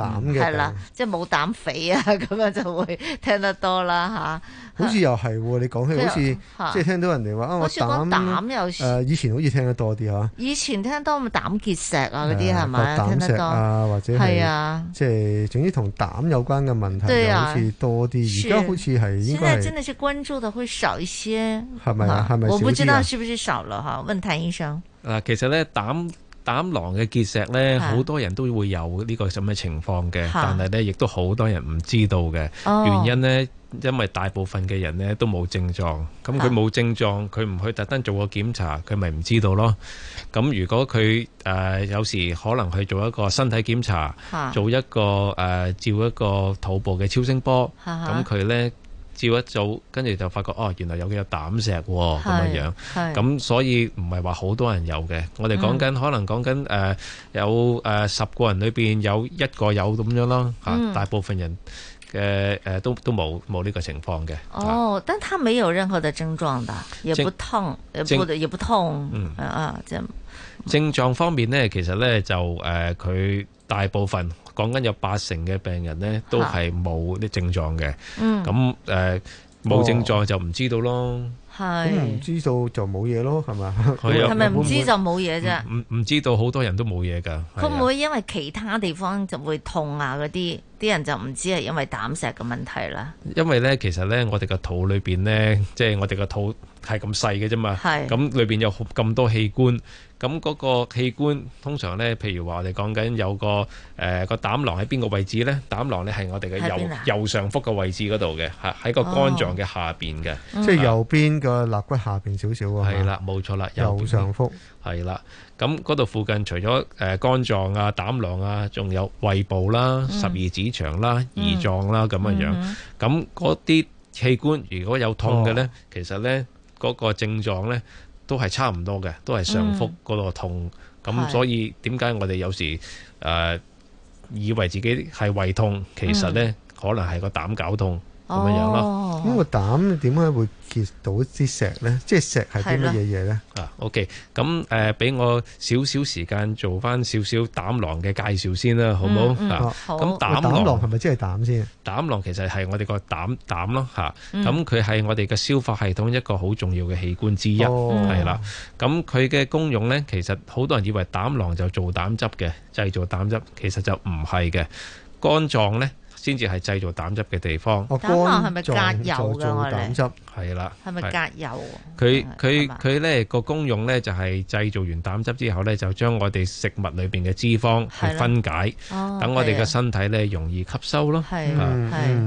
膽嘅係啦，即係冇膽肥啊，咁樣就會聽得多啦嚇、啊。好似又係喎，你講起好似即係聽到人哋話啱我膽。有誒，以前好似聽得多啲嚇。以前聽得多咪膽結石啊嗰啲係咪？膽石多啊，或者係即係總之同膽有關嘅問題又好似多啲。而家好似係應該。現在真的是關注得會少一些。係咪啊？係咪少啲？我不知道是不是少了哈？問譚醫生。嗱，其實咧膽。膽囊嘅結石咧，好多人都會有呢個咁嘅情況嘅，但係咧亦都好多人唔知道嘅原因咧，因為大部分嘅人咧都冇症狀，咁佢冇症狀，佢唔去特登做個檢查，佢咪唔知道咯。咁如果佢誒、呃、有時可能去做一個身體檢查，做一個誒、呃、照一個肚部嘅超聲波，咁佢咧。照一照，跟住就發覺哦，原來有幾有膽石咁、哦、樣樣，咁所以唔係話好多人有嘅。我哋講緊可能講緊誒有誒十、呃、個人裏邊有一個有咁樣咯，嚇、啊嗯、大部分人嘅誒、呃、都都冇冇呢個情況嘅、啊。哦，但他沒有任何的症狀的，也不痛，也不也不痛，啊啊、嗯嗯，症狀方面呢，其實呢就誒佢、呃、大部分。講緊有八成嘅病人咧，都係冇啲症狀嘅。咁誒冇症狀就唔知道咯、哦。咁唔知道就冇嘢咯，係嘛？係咪唔知就冇嘢啫？唔唔知道好多人都冇嘢㗎。佢唔會因為其他地方就會痛啊嗰啲，啲人就唔知係因為膽石嘅問題啦。因為咧，其實咧，我哋個肚裏邊咧，即係我哋個肚。係咁細嘅啫嘛，咁裏邊有咁多器官，咁嗰個器官通常咧，譬如話我哋講緊有個誒個膽囊喺邊個位置咧？膽囊咧係我哋嘅右右上腹嘅位置嗰度嘅，吓喺個肝臟嘅下邊嘅，即係右邊個肋骨下邊少少啊。係啦，冇錯啦，右上腹係啦，咁嗰度附近除咗誒肝臟啊、膽囊啊，仲有胃部啦、十二指腸啦、胰臟啦咁樣樣，咁嗰啲器官如果有痛嘅咧，其實咧。嗰個症狀呢都係差唔多嘅，都係上腹嗰度痛，咁、嗯、所以點解的我哋有時誒、呃、以為自己係胃痛，其實呢、嗯、可能係個膽絞痛咁、哦、樣咯。咁個膽點解會？到啲石咧，即係石係啲乜嘢嘢咧？啊，OK，咁誒，俾、呃、我少少時間做翻少少膽囊嘅介紹先啦，好唔好、嗯嗯？啊，咁膽囊係咪即係膽先？膽囊、欸、其實係我哋個膽膽咯吓，咁佢係我哋嘅消化系統一個好重要嘅器官之一，係、哦、啦。咁佢嘅功用咧，其實好多人以為膽囊就做膽汁嘅，製造膽汁，其實就唔係嘅。肝臟咧。先至係製造膽汁嘅地方。是是膽囊係咪隔油㗎？膽汁係啦。係咪隔油？佢佢佢咧個功用咧就係、是、製造完膽汁之後咧，就將我哋食物裏邊嘅脂肪去分解，等、哦、我哋嘅身體咧容易吸收咯。係，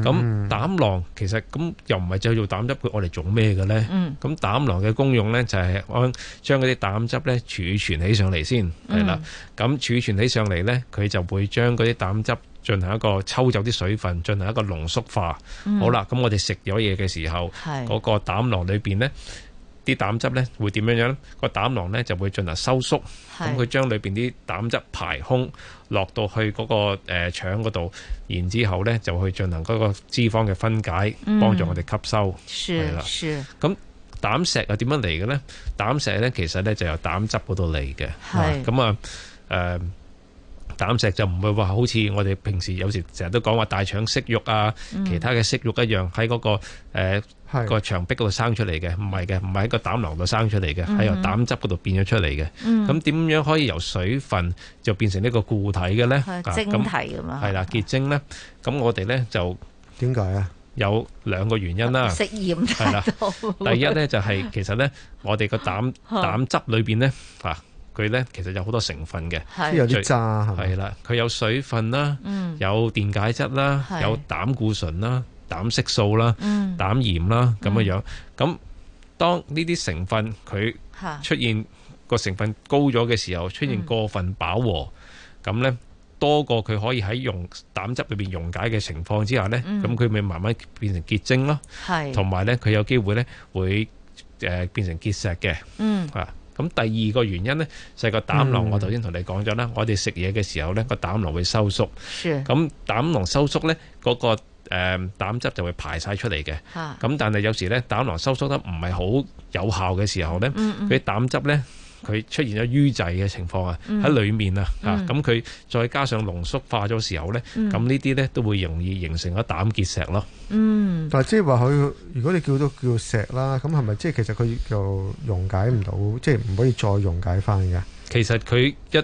咁膽囊其實咁又唔係製造膽汁，佢我嚟做咩嘅咧？咁、嗯、膽囊嘅功用咧就係按將嗰啲膽汁咧儲存起上嚟先，係啦。咁、嗯、儲存起上嚟咧，佢就會將嗰啲膽汁。進行一個抽走啲水分，進行一個濃縮化。好啦，咁我哋食咗嘢嘅時候，嗰個膽囊裏邊呢，啲膽汁呢會點樣樣？個膽囊呢就會進行收縮，咁佢將裏邊啲膽汁排空，落到去嗰個誒腸嗰度，然之後呢就去進行嗰個脂肪嘅分解，幫助我哋吸收。係啦，咁膽石係點樣嚟嘅呢？膽石呢其實呢就由膽汁嗰度嚟嘅。係，咁啊誒。膽石就唔會話好似我哋平時有時成日都講話大腸息肉啊，其他嘅息肉一樣喺嗰、嗰個誒個、呃、牆壁度生出嚟嘅，唔係嘅，唔係喺個膽囊度生出嚟嘅，係由膽汁嗰度變咗出嚟嘅。咁、嗯、點樣可以由水分就變成呢個固體嘅呢？係結晶㗎係啦，結晶呢？咁我哋呢就點解啊？有兩個原因啦。食鹽第一呢，就係、係、其實呢，我哋個膽膽汁裏邊呢。嚇、啊。佢咧其實有好多成分嘅，都有啲渣係啦。佢有水分啦、嗯，有電解質啦，有膽固醇啦、膽色素啦、膽鹽啦咁嘅樣。咁當呢啲成分佢出現個成分高咗嘅時候，出現過分飽和，咁、嗯、咧多過佢可以喺溶膽汁裏邊溶解嘅情況之下咧，咁佢咪慢慢變成結晶咯。係，同埋咧佢有機會咧會誒變成結石嘅。嗯啊。咁第二個原因呢，就係、個膽囊、嗯。我頭先同你講咗啦，我哋食嘢嘅時候呢，個膽囊會收縮。咁膽囊收縮呢，嗰、個膽、呃、膽汁就會排晒出嚟嘅。咁但係有時呢，膽囊收縮得唔係好有效嘅時候呢，啲、嗯、膽汁呢。佢出現咗淤滯嘅情況啊，喺裡面啊，吓咁佢再加上濃縮化咗時候咧，咁呢啲咧都會容易形成一膽結石咯。嗯，但係即係話佢，如果你叫到叫石啦，咁係咪即係其實佢就溶解唔到，嗯、即係唔可以再溶解翻嘅？其實佢一。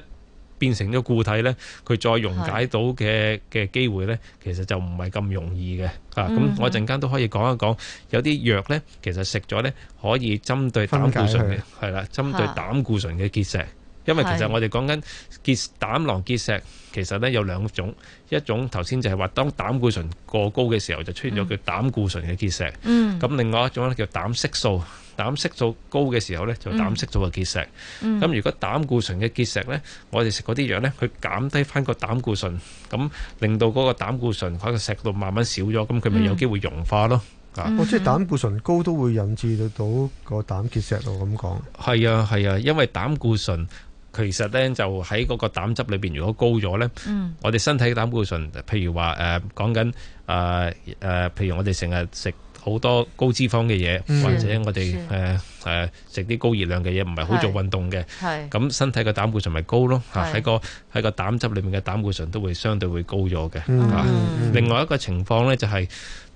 變成咗固體呢，佢再溶解到嘅嘅機會呢，其實就唔係咁容易嘅，嗯。啊，咁我陣間都可以講一講，有啲藥呢，其實食咗呢，可以針對膽固醇嘅，係啦，針對膽固醇嘅結石。因為其實我哋講緊結膽囊結石，其實咧有兩種，一種頭先就係話當膽固醇過高嘅時候就出現咗叫膽固醇嘅結石，咁另外一種咧叫膽色素，膽色素高嘅時候咧就膽色素嘅結石。咁如果膽固醇嘅結石咧，我哋食嗰啲藥咧，佢減低翻個膽固醇，咁令到嗰個膽固醇喺個石度慢慢少咗，咁佢咪有機會溶化咯。啊，即係膽固醇高都會引致到個膽結石，喎，咁講。係啊係啊，因為膽固醇。其實咧，就喺嗰個膽汁裏邊，如果高咗咧、嗯，我哋身體嘅膽固醇，譬如話誒講緊誒誒，譬如我哋成日食好多高脂肪嘅嘢、嗯，或者我哋誒誒食啲高熱量嘅嘢，唔係好做運動嘅，咁身體嘅膽固醇咪高咯，喺個喺個膽汁裏面嘅膽固醇都會相對會高咗嘅、嗯嗯。另外一個情況咧，就係、是、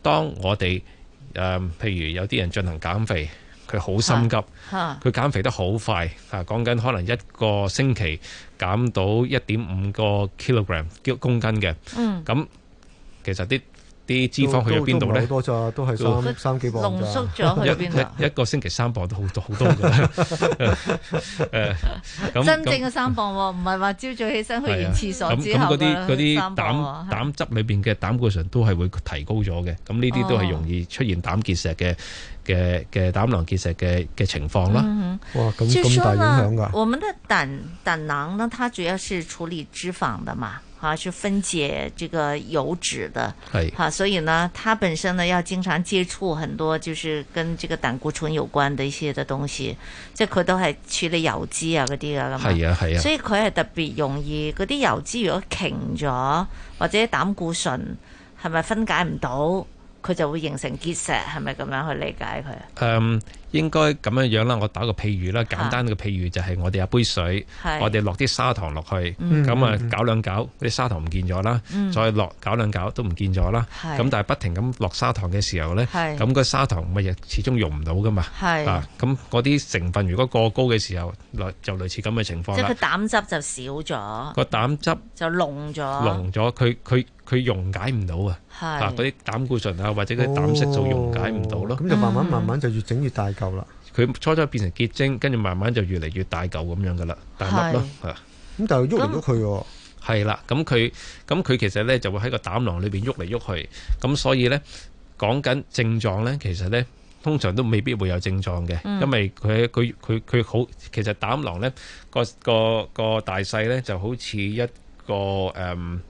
當我哋誒、呃，譬如有啲人進行減肥。佢好心急，佢減肥得好快，講緊可能一個星期減到一點五個 kilogram，公斤嘅，嗯、咁、其實啲。啲脂肪去咗邊度咧？多咗都係三三幾磅啦，濃縮咗去邊度？一一個星期三磅都好多好多嘅。誒， <laughs> <laughs> 真正嘅三磅喎，唔係話朝早起身去完廁所之後嗰啲嗰啲膽膽汁裏邊嘅膽固醇都係會提高咗嘅，咁呢啲都係容易出現膽結石嘅嘅嘅膽囊結石嘅嘅情況啦、嗯。哇，咁咁大影響噶、就是。我們的膽膽囊呢，它主要是處理脂肪的嘛。啊，是分解這個油脂的，係，好，所以呢，它本身呢要經常接觸很多，就是跟這個膽固醇有關的一些的東西，即係佢都係處理油脂啊嗰啲噶咁，係啊係啊，所以佢係特別容易嗰啲油脂如果凝咗或者膽固醇係咪分解唔到？佢就會形成結石，係咪咁樣去理解佢？誒、嗯，應該咁樣樣啦。我打個譬如啦，簡單嘅譬如就係我哋有杯水，啊、我哋落啲砂糖落去，咁啊、嗯、搞兩攪，啲砂糖唔見咗啦、嗯，再落搞兩攪都唔見咗啦。咁但係不停咁落砂糖嘅時候呢，咁、個砂糖咪亦始終溶唔到噶嘛。係咁嗰啲成分如果過高嘅時候，就類似咁嘅情況即係佢膽汁就少咗，個、嗯、膽汁濃咗就濃咗，濃咗佢佢。佢溶解唔到啊！啊，嗰啲膽固醇啊，或者嗰啲膽色素溶解唔到咯。咁、哦哦、就慢慢慢慢就越整越大嚿啦。佢、嗯、初初變成結晶，跟住慢慢就越嚟越大嚿咁樣噶啦，大粒咯啊。咁、嗯、但係喐嚟喐去喎、啊。係、嗯、啦，咁佢咁佢其實咧就會喺個膽囊裏邊喐嚟喐去。咁所以咧講緊症狀咧，其實咧通常都未必會有症狀嘅、嗯，因為佢佢佢佢好其實膽囊咧個個個大細咧就好似一個誒。嗯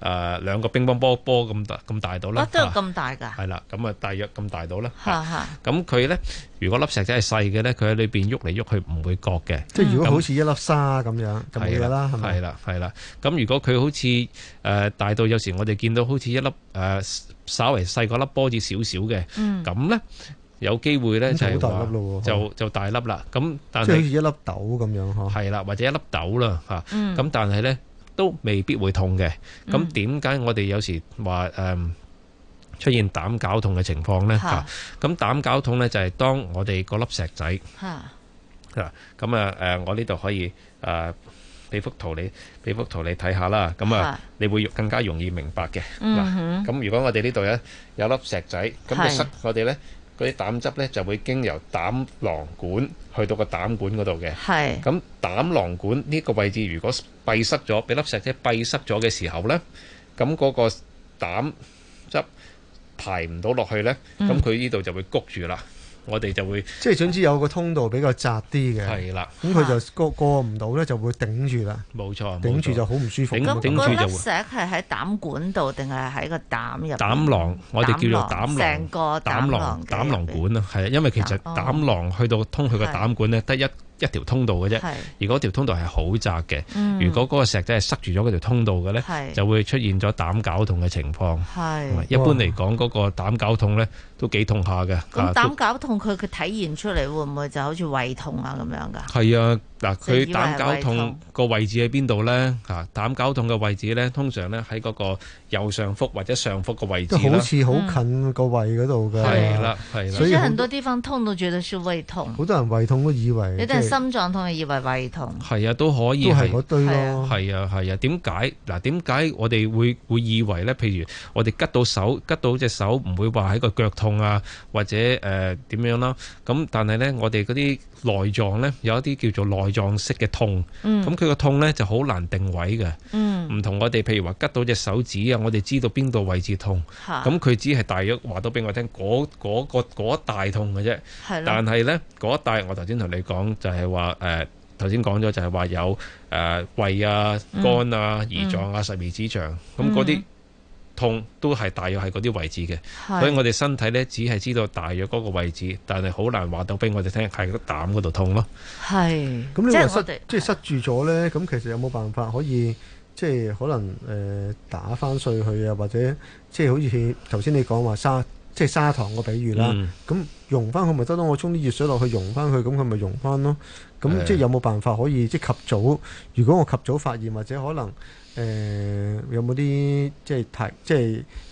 誒，兩個乒乓波波咁大咁大到啦，都有咁大噶，係啦，咁啊大約咁大到啦。吓吓，咁佢咧，如果粒石仔係細嘅咧，佢喺裏邊喐嚟喐去唔會割嘅。即係如果好似一粒沙咁樣，就冇噶啦，係咪？係啦，係啦，咁如果佢好似誒大到有時我哋見到好似一粒誒稍為細過粒波子少少嘅，咁咧有機會咧就好大粒咯就就大粒啦。咁但係好似一粒豆咁樣嗬？係啦，或者一粒豆啦吓。咁但係咧。都未必會痛嘅，咁點解我哋有時話誒、呃、出現膽絞痛嘅情況呢？嚇？咁、啊、膽絞痛呢，就係、是、當我哋嗰粒石仔嚇，咁啊誒、啊，我呢度可以誒俾幅圖你俾幅圖你睇下啦，咁啊你會更加容易明白嘅嗱。咁、嗯啊、如果我哋呢度有有粒石仔咁你塞我哋呢。嗰啲膽汁咧就會經由膽囊管去到個膽管嗰度嘅。係。咁膽囊管呢個位置如果閉塞咗，俾粒石仔閉塞咗嘅時候咧，咁嗰個膽汁排唔到落去咧，咁佢呢度就會谷住啦。嗯我哋就會即係總之有個通道比較窄啲嘅，係啦。咁佢就過過唔到咧，就會頂住啦。冇錯，冇錯，頂住就好唔舒服頂。頂頂住就石係喺膽管度定係喺個膽入面？膽囊，我哋叫做膽囊，成個膽囊膽囊管啊，係啊。因為其實膽囊去到通佢個膽管咧，得一一條通道嘅啫。而嗰條通道係好窄嘅，嗯。如果嗰個石仔係塞住咗嗰條通道嘅咧，就會出現咗膽絞痛嘅情況。係、嗯、一般嚟講，嗰個膽絞痛咧。都幾痛下嘅。咁膽絞痛佢佢體現出嚟會唔會就好似胃痛啊咁樣㗎？係啊，嗱，佢膽絞痛個位置喺邊度咧？嚇、啊，膽絞痛嘅位置咧，通常咧，喺嗰個右上腹或者上腹嘅位置，好似好近個胃嗰度㗎。係、嗯、啦，係、嗯。所以很多地方痛到最多係胃痛。好多人胃痛都以為你係心臟痛，以為胃痛。係、就是就是、啊，都可以。都係嗰堆咯。係啊，係啊。點解嗱？點解我哋會會以為咧？譬如我哋拮到手，拮到隻手，唔會話喺個腳痛。痛啊，或者誒點、呃、樣啦？咁但係呢，我哋嗰啲內臟呢，有一啲叫做內臟式嘅痛，咁佢個痛呢，就好難定位嘅，唔、嗯、同我哋譬如話吉到隻手指啊，我哋知道邊度位置痛，咁佢只係大約話到俾我聽嗰個嗰一帶痛嘅啫。但係呢，嗰一帶，我頭先同你講就係話誒頭先講咗就係話有誒、呃、胃啊、肝啊、胰臟啊、嗯、十二指腸咁嗰啲。那那痛都係大約係嗰啲位置嘅，所以我哋身體呢，只係知道大約嗰個位置，但係好難話到俾我哋聽係個膽嗰度痛咯。係，咁你話塞即係塞住咗呢？咁其實有冇辦法可以即係可能誒、呃、打翻碎佢啊？或者即係好似頭先你講話砂即係砂糖個比喻啦。咁、嗯、溶翻佢咪得咯？我沖啲熱水落去溶翻佢，咁佢咪溶翻咯？咁即係有冇辦法可以即係及早？如果我及早發現或者可能？誒、呃、有冇啲即係提即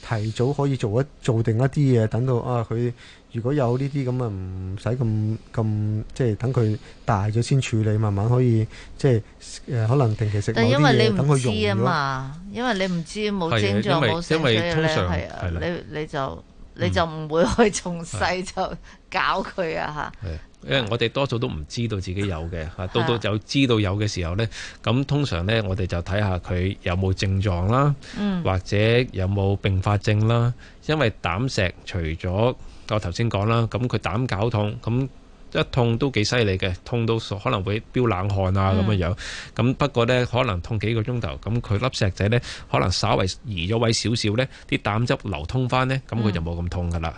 係提早可以做一做定一啲嘢？等到啊佢如果有呢啲咁啊，唔使咁咁即係等佢大咗先處理，慢慢可以即係誒可能定期食某啲嘢，等佢溶咗嘛因有有。因為你唔知冇症狀冇先所以咧係啊，你就你就你就唔會去從細就搞佢啊嚇。因為我哋多數都唔知道自己有嘅，嚇到到就知道有嘅時候呢，咁通常呢我哋就睇下佢有冇症狀啦，或者有冇併發症啦。因為膽石除咗我頭先講啦，咁佢膽絞痛，咁一痛都幾犀利嘅，痛到可能會飆冷汗啊咁樣樣。咁不過呢，可能痛幾個鐘頭，咁佢粒石仔呢可能稍為移咗位少少呢，啲膽汁流通返呢，咁佢就冇咁痛㗎喇。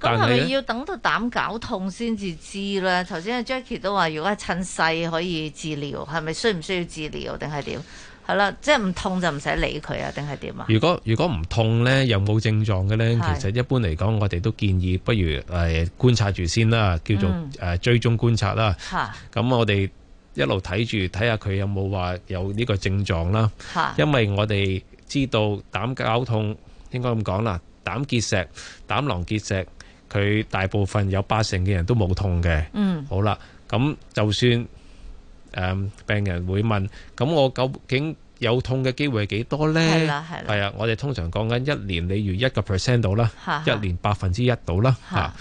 咁係咪要等到膽絞痛先至知咧？頭先阿 Jackie 都話，如果係趁勢可以治療，係咪需唔需要治療定係點？係啦，即係唔痛就唔使理佢啊，定係點啊？如果如果唔痛咧，又冇症狀嘅咧，其實一般嚟講，我哋都建議不如、呃、觀察住先啦，叫做、呃、追蹤觀察啦。咁、嗯、我哋一路睇住，睇下佢有冇話有呢個症狀啦。因為我哋知道膽絞痛應該咁講啦，膽結石、膽囊結石。佢大部分有八成嘅人都冇痛嘅，嗯，好啦，咁就算誒，病人會問，咁我究竟有痛嘅機會係幾多呢？係啦，係啦，係啊，我哋通常講緊一年你如一個 percent 度啦，一年百分之一度啦，吓，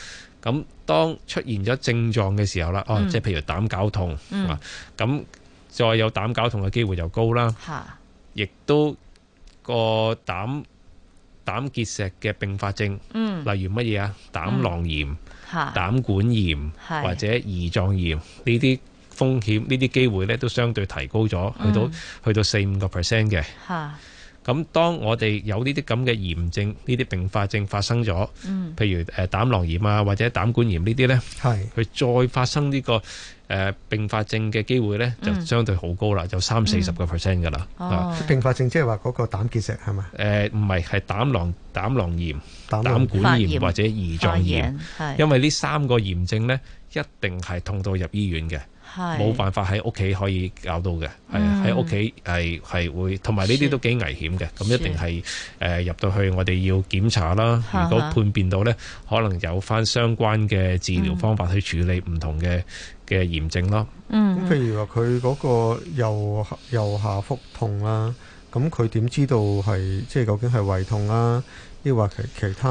咁當出現咗症狀嘅時候啦，哦，即係譬如膽絞痛，咁再有膽絞痛嘅機會就高啦，亦都個膽。膽結石嘅併發症，嗯、例如乜嘢啊？膽囊炎、嗯、膽管炎或者胰臟炎呢啲風險，呢啲機會咧都相對提高咗，去到、嗯、去到四五個 percent 嘅。咁當我哋有呢啲咁嘅炎症，呢啲併發症發生咗，譬如誒、呃、膽囊炎啊，或者膽管炎呢啲呢，係佢再發生呢、呢個、呃、併發症嘅機會呢，就相對好高啦，就三四十個 percent 噶啦。併發症即係話嗰個膽結石係嘛？誒唔係，係、呃、膽囊膽囊炎膽、膽管炎、炎或者胰臟炎，炎因為呢三個炎症呢，一定係痛到入醫院嘅。冇辦法喺屋企可以搞到嘅，係喺屋企係會，同埋呢啲都幾危險嘅，咁一定係、呃、入到去，我哋要檢查啦。如果判辨到呢，可能有翻相關嘅治療方法去處理唔同嘅嘅炎症咯。嗯，咁譬如話佢嗰個右下右下腹痛啦、啊，咁佢點知道係即、即係、究竟係胃痛啦、啊？抑或其其他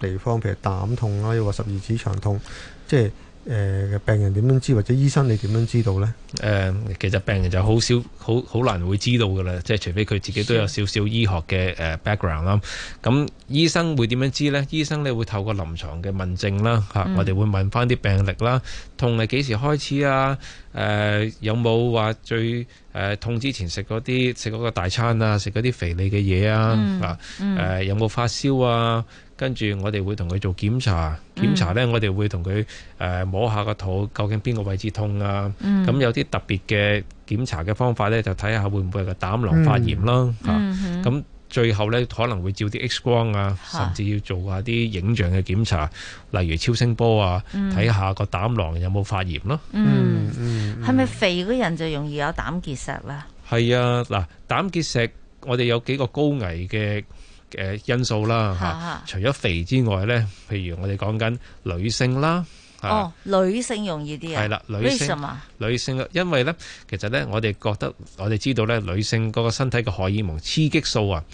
地方，譬如膽痛啊，抑或十二指腸痛，即係。誒、呃，病人點樣知道或者醫生你點樣知道呢？誒、呃，其實病人就好少，好好難會知道噶啦，即係除非佢自己都有少少醫學嘅誒 background 啦。咁、呃呃、醫生會點樣知道呢？醫生你會透過臨床嘅問症啦，吓、嗯啊，我哋會問翻啲病歷啦，痛係幾時開始啊？誒、呃，有冇話最誒、呃、痛之前食嗰啲食嗰個大餐啊？食嗰啲肥膩嘅嘢啊、嗯嗯？啊，誒、呃，有冇發燒啊？跟住我哋會同佢做檢查，檢查呢，我哋會同佢、呃、摸下個肚，究竟邊個位置痛啊？咁、嗯、有啲特別嘅檢查嘅方法呢，就睇下會唔會係個膽囊發炎啦。咁、嗯啊嗯嗯、最後呢，可能會照啲 X 光啊，甚至要做下啲影像嘅檢查，例如超聲波啊，睇下個膽囊有冇發炎咯。嗯嗯，係、嗯、咪肥嗰人就容易有膽結石啦係、嗯、啊，嗱，膽結石我哋有幾個高危嘅嘅因素啦嚇、啊，除咗肥之外咧，譬如我哋講緊女性啦，哦、啊，女性容易啲啊，係啦，女性，女性，因為咧，其實咧，我哋覺得，我哋知道咧，女性嗰個身體嘅荷爾蒙、雌激素，激素，激素啊，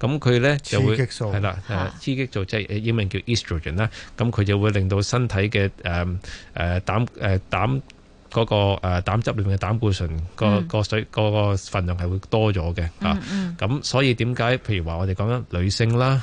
咁佢咧就會係啦，誒，雌激素即係英文叫 estrogen 啦，咁佢就會令到身體嘅誒誒膽誒膽。呃膽嗰、那個誒、呃、膽汁裏邊嘅膽固醇、那個、嗯那個水個份量係會多咗嘅嚇，咁、嗯嗯啊、所以點解譬如話我哋講緊女性啦、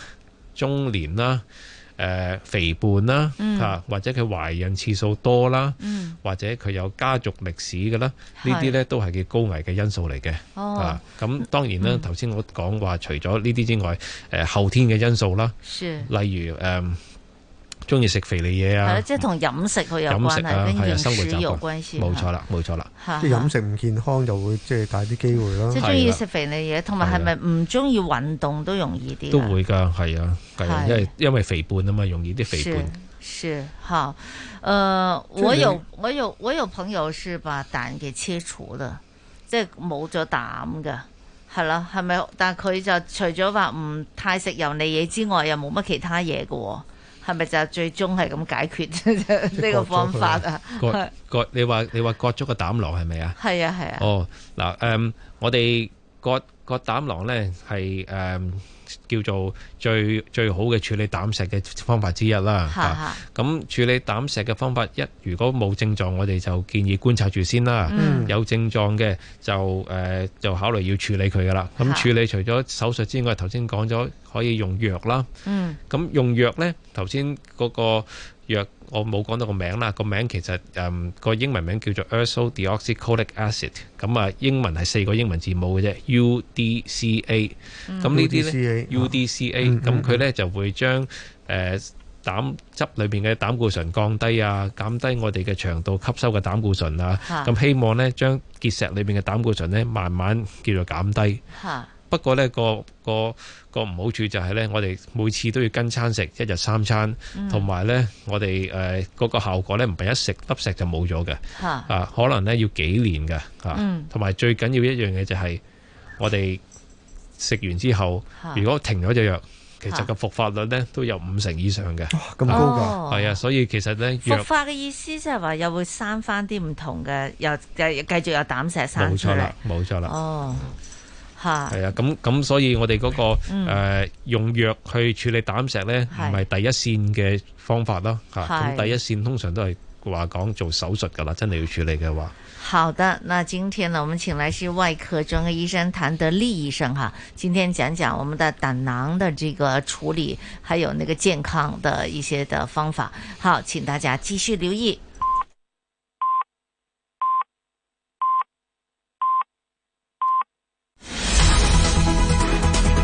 中年啦、誒、呃、肥胖啦嚇、嗯，或者佢懷孕次數多啦，嗯、或者佢有家族歷史嘅啦，嗯、這些呢啲呢都係叫高危嘅因素嚟嘅。嚇、哦，咁、啊、當然啦，頭、嗯、先我講話除咗呢啲之外，誒、呃、後天嘅因素啦，例如誒。呃中意食肥膩嘢啊！係即係同飲食佢有關係、啊食啊，跟住生活習慣冇錯啦，冇錯啦。啲飲食唔健康就會即係大啲機會咯。即係中意食肥膩嘢，同埋係咪唔中意運動都容易啲、啊？都會噶，係啊，因為因為肥胖啊嘛，容易啲肥胖。是吓，誒、呃，我有我有我有朋友是把膽嘅切除啦，即係冇咗膽噶，係啦，係咪？但係佢就除咗話唔太食油膩嘢之外，又冇乜其他嘢嘅。係咪就係最終係咁解決呢個方法啊？割割你話你話割咗個膽囊係咪啊？係啊係啊。哦嗱，誒，我哋割割膽囊咧係誒。叫做最最好嘅處理膽石嘅方法之一啦。咁、啊、處理膽石嘅方法一，如果冇症狀，我哋就建議觀察住先啦。嗯、有症狀嘅就誒、呃、就考慮要處理佢㗎喇。咁、啊、處理除咗手術之外，頭先講咗可以用藥啦。咁、啊嗯、用藥呢，頭先嗰個藥。我冇講到個名啦，個名其實誒個英文名叫做 ursodeoxycholic acid，咁啊英文係四個英文字母嘅啫，UDCA。咁呢啲咧，UDCA，咁佢咧就會將誒膽汁裏邊嘅膽固醇降低啊，減低我哋嘅腸道吸收嘅膽固醇啊，咁希望咧將結石裏邊嘅膽固醇咧慢慢叫做減低。不過呢、個、個、個唔好處就係呢，我哋每次都要跟餐食一日三餐，同埋呢，我哋誒嗰個效果呢，唔係一,一，食一粒食粒石就冇咗嘅，啊，啊可能呢要幾年嘅，啊，同、嗯、埋最緊要一樣嘢，就係我哋食完之後，啊、如果停咗隻藥，其實個復發率呢都有五成以上嘅，咁、哦啊、高㗎，係啊，所以其實呢，複、哦、發嘅意思即係話又會生翻啲唔同嘅，又繼繼續有膽石生出嚟，冇錯啦，冇錯啦，哦。係 <noise> 啊，咁咁所以我哋嗰、那個、嗯呃、用藥去處理膽石咧，唔、嗯、係第一線嘅方法咯，咁、啊、第一線通常都係話講做手術噶啦，真係要處理嘅話的。好的，那今天呢，我們請來是外科專科醫生譚德立醫生哈，今天講講我們的膽囊的這個處理，還有那個健康的一些的方法。好，請大家繼續留意。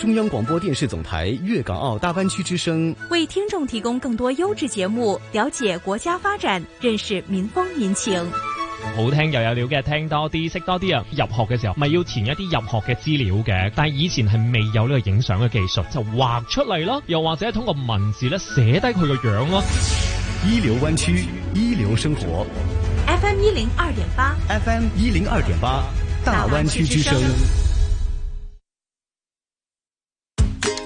中央廣播電視總台粵港澳大灣區之聲，為聽眾提供更多優質節目，了解國家發展，認識民風民情。好聽又有料嘅，聽多啲，識多啲啊！入學嘅時候咪要填一啲入學嘅資料嘅，但係以前係未有呢個影相嘅技術，就畫出嚟咯，又或者通過文字咧寫低佢個樣咯。一流灣區，一流生活。FM 一零二點八，FM 一零二點八，大灣區之聲。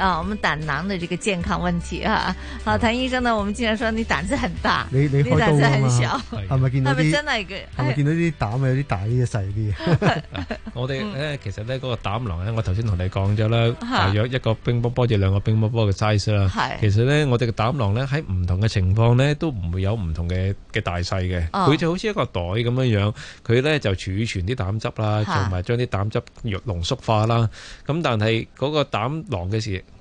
啊、哦，我們膽囊的這個健康問題哈，好、啊，譚、嗯哦、醫生呢，我們經常說你膽子很大，你你膽子很小，係咪見到係咪真係嘅？係咪見到啲膽有啲大啲，細啲？我哋咧，其實呢，嗰、那個膽囊呢，我頭先同你講咗啦，大約一個乒乓波至兩個乒乓波嘅 size 啦。其實呢，我哋嘅膽囊呢，喺唔同嘅情況呢，都唔會有唔同嘅嘅大細嘅。佢、哦、就好似一個袋咁樣樣，佢呢就儲存啲膽汁啦，同埋將啲膽汁肉濃縮化啦。咁但係嗰個膽囊嘅時。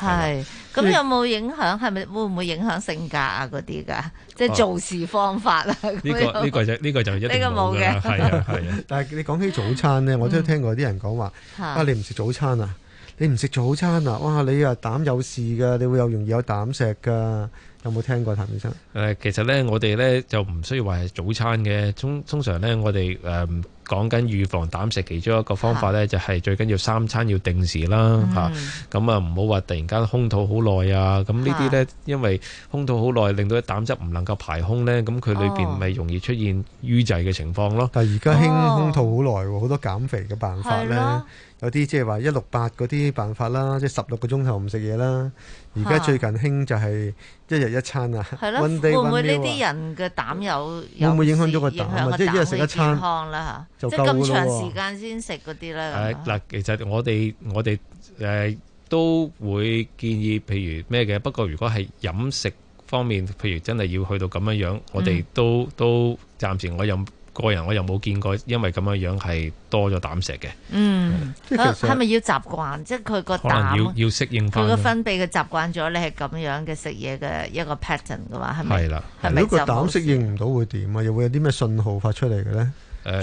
係，咁有冇影響？係咪會唔會影響性格啊？嗰啲噶，即係做事方法啊？呢、這個呢、這個就呢、這個就一定冇嘅，係啊係啊。是啊 <laughs> 但係你講起早餐咧，我都聽過啲人講話、嗯，啊你唔食早餐啊，你唔食早餐啊，哇你啊膽有事嘅，你會又容易有膽石㗎。有冇聽過？譚醫生？誒，其實咧，我哋咧就唔需要話係早餐嘅，通通常咧我哋誒。呃講緊預防膽石，其中一個方法呢，就係最緊要三餐要定時啦嚇，咁、嗯、啊唔好話突然間空肚好耐啊，咁呢啲呢，嗯、因為空肚好耐令到啲膽汁唔能夠排空呢，咁佢裏邊咪容易出現淤滯嘅情況咯。但而家興空肚好耐喎，好、哦、多減肥嘅辦法呢。有啲即係話一六八嗰啲辦法啦，即係十六個鐘頭唔食嘢啦。而家最近興就係一日一餐啊 <laughs> ，one day one meal, 會唔會呢啲人嘅膽有？會唔會影響咗個膽啊？膽即係即一日食一餐，健康啦嚇，即係咁長時間先食嗰啲咧。誒嗱、啊，其實我哋我哋誒、啊、都會建議，譬如咩嘅。不過如果係飲食方面，譬如真係要去到咁樣樣，嗯、我哋都都暫時我飲。個人我又冇見過，因為咁樣樣係多咗膽石嘅。嗯，係咪要習慣？即係佢個膽，要要適應翻佢個分泌嘅習慣咗，你係咁樣嘅食嘢嘅一個 pattern 嘅話，係咪？係啦，係咪個膽適應唔到會點啊？又會有啲咩信號發出嚟嘅咧？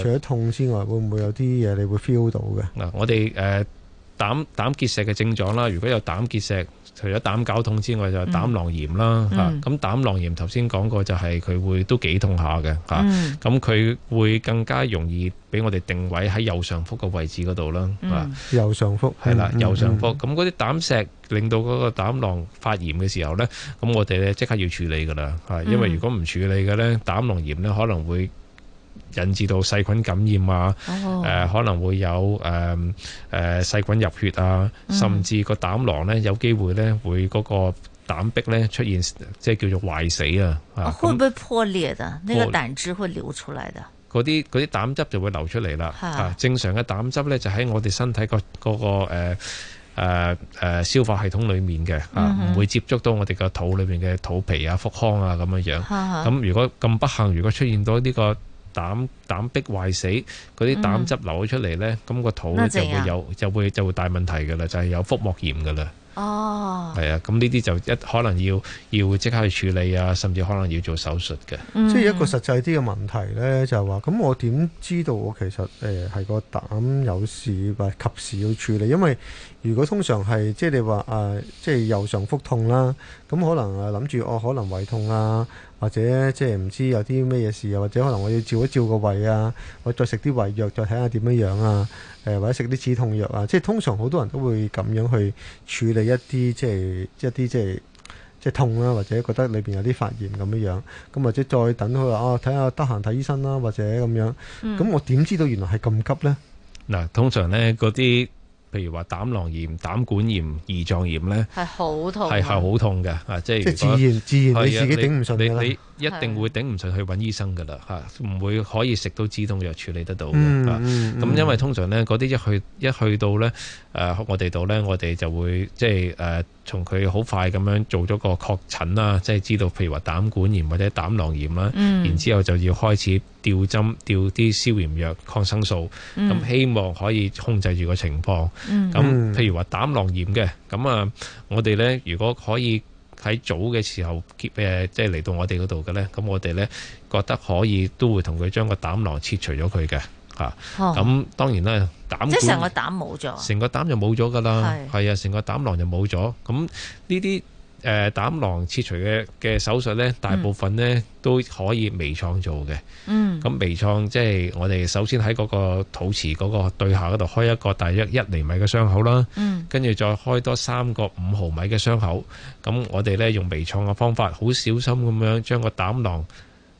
除咗痛之外，會唔會有啲嘢你會 feel 到嘅？嗱、呃，我哋誒、呃、膽膽結石嘅症狀啦，如果有膽結石。除咗膽絞痛之外，就係、膽囊炎啦。咁、嗯啊嗯、膽囊炎頭先講過、就係，就係佢會都幾痛下嘅。咁、啊、佢、嗯啊、會更加容易俾我哋定位喺右上腹個位置嗰度啦。右上腹係啦，右上腹。咁嗰啲膽石令到嗰個膽囊發炎嘅時候咧，咁我哋咧即刻要處理噶啦、啊。因為如果唔處理嘅咧，膽囊炎咧可能會。引致到細菌感染啊！誒、oh. 呃，可能會有誒誒、呃、細菌入血啊，嗯、甚至個膽囊咧有機會咧會嗰個膽壁咧出現，即係叫做壞死啊！啊啊會唔會破裂嘅？呢、啊呢個膽汁會流出嚟嘅？嗰啲啲膽汁就會流出嚟啦、啊啊。正常嘅膽汁咧就喺我哋身體的、那個嗰個誒誒消化系統裡面嘅啊，唔、嗯、會接觸到我哋個肚裏面嘅肚皮啊、腹腔啊咁樣樣。咁、啊啊啊、如果咁不幸，如果出現到呢、呢個。膽膽壁壞死，嗰啲膽汁流咗出嚟呢，咁個、嗯、肚就會有、嗯、就會就會大問題嘅啦，就係、是、有腹膜炎嘅啦。哦，係啊，咁呢啲就一可能要要即刻去處理啊，甚至可能要做手術嘅。嗯、即係一個實際啲嘅問題呢，就係、是、話，咁我點知道我其實誒係個膽有事，話及時要處理？因為如果通常係即係你話誒，即係、呃、右上腹痛啦，咁可能誒諗住我可能胃痛啊。或者即係唔知有啲咩嘢事，又或者可能我要照一照個胃啊，我再食啲胃藥，再睇下點樣樣啊，誒或者食啲止痛藥啊，即係通常好多人都會咁樣去處理一啲即係一啲即係即係痛啦，或者覺得裏邊有啲發炎咁樣樣，咁或者再等佢話啊睇下得閒睇醫生啦，或者咁樣，咁我點知道原來係咁急呢？嗱，通常呢嗰啲。譬如話膽囊炎、膽管炎、胰臟炎咧，係好痛，係係好痛嘅啊！即、就、係、是、自然自然、哎、你自己頂唔順你，你，你一定會頂唔順去揾醫生噶啦，吓，唔會可以食到止痛藥處理得到咁。嗯嗯、因為通常呢嗰啲一去一去到呢，誒、呃、我哋度呢，我哋就會即係誒，從佢好快咁樣做咗個確診啦，即係知道譬如話膽管炎或者膽囊炎啦、嗯，然之後就要開始吊針吊啲消炎藥、抗生素，咁、嗯、希望可以控制住個情況。咁、嗯、譬如話膽囊炎嘅，咁、嗯、啊我哋呢，如果可以。喺早嘅時候結誒，即係嚟到我哋嗰度嘅咧，咁我哋咧覺得可以都會同佢將個膽囊切除咗佢嘅嚇。咁、啊嗯、當然啦，膽即成個膽冇咗，成個膽就冇咗噶啦，係啊的，成個膽囊就冇咗。咁呢啲誒、呃、膽囊切除嘅嘅手術呢、嗯、大部分呢都可以微創做嘅。嗯，咁微創即係、就是、我哋首先喺嗰個肚臍嗰個對下嗰度開一個大約一厘米嘅傷口啦。嗯，跟住再開多三個五毫米嘅傷口。咁我哋呢用微創嘅方法，好小心咁樣將個膽囊，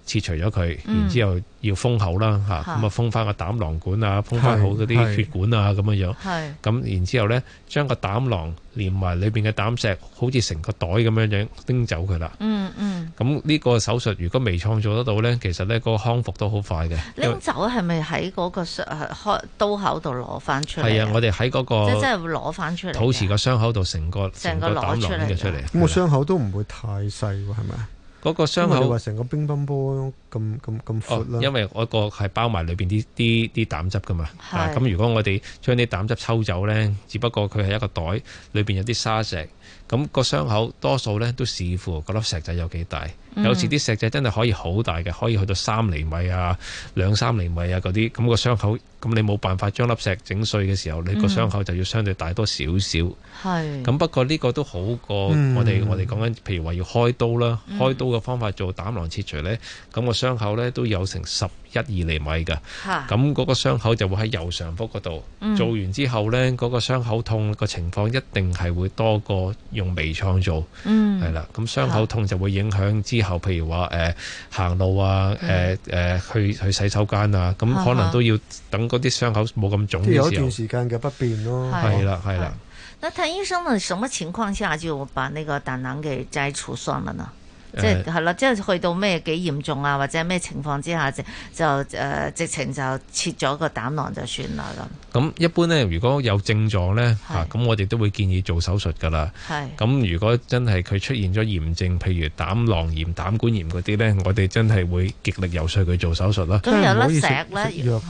切除咗佢，然之後要封口啦，嚇咁啊封翻個膽囊管啊，封翻好嗰啲血管啊，咁樣樣。係咁，然之後咧，將個膽囊連埋裏邊嘅膽石，好似成個袋咁樣樣拎走佢啦。嗯嗯。咁呢個手術如果微創做得到咧，其實咧個康復都好快嘅。拎走係咪喺嗰個開刀口度攞翻出嚟？係啊，我哋喺嗰個即係真係會攞翻出嚟。肚臍個傷口度成個成個膽囊拎出嚟。咁、就是、個出、啊、傷口都唔會太細喎，係咪？嗰、那個傷口，你話成個乒乓波咁咁咁闊啦。因為我個係包埋裏邊啲啲啲膽汁噶嘛。咁、啊、如果我哋將啲膽汁抽走呢，只不過佢係一個袋，裏邊有啲沙石。咁、那個傷口多數呢都視乎嗰粒石仔有幾大、嗯。有時啲石仔真係可以好大嘅，可以去到三厘米啊、兩三厘米啊嗰啲。咁、那個傷口，咁你冇辦法將粒石整碎嘅時候，你個傷口就要相對大多少少。嗯。咁，不過呢個都好過我哋，嗯、我哋講緊，譬如話要開刀啦，嗯、開刀嘅方法做膽囊切除呢，咁、個傷口呢都有成十一二厘米㗎。咁、啊、嗰，個傷口就會喺右上腹嗰度、嗯。做完之後呢，嗰，個傷口痛個情況一定係會多過用微創做，係、嗯、啦。咁傷口痛就會影響之後，譬如話誒、呃、行路啊，誒、嗯、誒、呃呃、去去洗手間啊，咁可能都要等嗰啲傷口冇咁腫。即係有一段時間嘅不便咯。係啦，係啦。睇醫生呢，呢什麼情況下就把那個膽囊給摘除算了呢？即係係啦，即係去到咩幾嚴重啊，或者咩情況之下，就誒、呃、直情就切咗個膽囊就算啦咁。咁、嗯、一般呢，如果有症狀呢，吓，咁、啊、我哋都會建議做手術噶啦。咁、嗯，如果真係佢出現咗炎症，譬如膽囊炎、膽管炎嗰啲呢，我哋真係會極力遊說佢做手術啦。咁有粒石呢，藥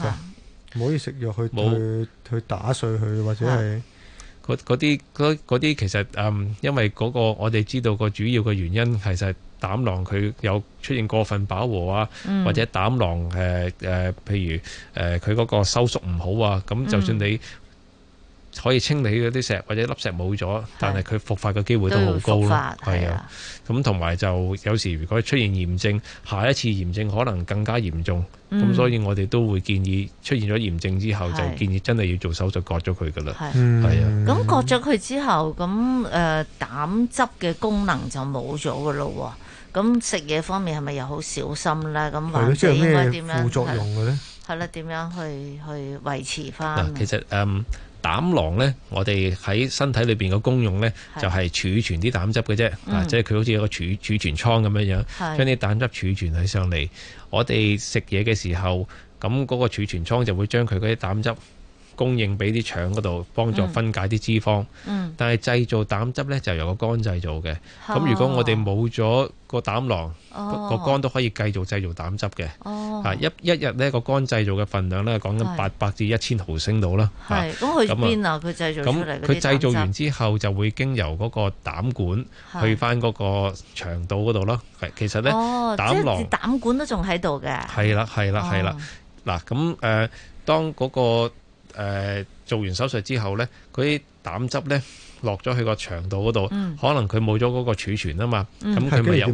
唔可以食藥去、啊、去去打碎佢或者係。嗰啲嗰啲其實、嗯、因為嗰個我哋知道個主要嘅原因，其實係膽囊佢有出現過分飽和啊，嗯、或者膽囊誒、呃呃、譬如誒佢嗰個收縮唔好啊，咁就算你。可以清理嗰啲石或者粒石冇咗，但係佢復發嘅機會都好高咯。係啊，咁同埋就有時如果出現炎症，下一次炎症可能更加嚴重。咁所以我哋都會建議出現咗炎症之後，就建議真係要做手術割咗佢㗎喇。係啊，咁割咗佢之後，咁誒膽汁嘅功能就冇咗㗎咯喎。咁食嘢方面係咪又好小心咧？咁或者應該點樣副作用嘅咧？係啦，點樣去去維持返？嗱，其實誒。膽囊呢，我哋喺身體裏面嘅功用呢，就係、是、儲存啲膽汁嘅啫、嗯啊，即係佢好似有個儲、儲存倉咁樣樣將啲膽汁儲存喺上嚟。我哋食嘢嘅時候，咁嗰個儲存倉就會將佢嗰啲膽汁。供應俾啲腸嗰度幫助分解啲脂肪，嗯嗯、但係製造膽汁咧就由個肝製造嘅。咁、哦、如果我哋冇咗個膽囊，個、哦、肝都可以繼續製造膽汁嘅。嚇、哦、一一日呢個肝製造嘅份量咧，講緊八百至一千毫升度啦。係咁去邊啊？佢、啊啊、製造，咁佢製造完之後就會經由嗰個膽管去翻嗰個腸道嗰度咯。係、哦、其實咧膽囊、膽管都仲喺度嘅。係啦係啦係啦，嗱咁誒，當嗰、嗰個誒做完手術之後呢，嗰啲膽汁呢落咗去個腸道嗰度，可能佢冇咗嗰個儲存啊嘛，咁佢咪有，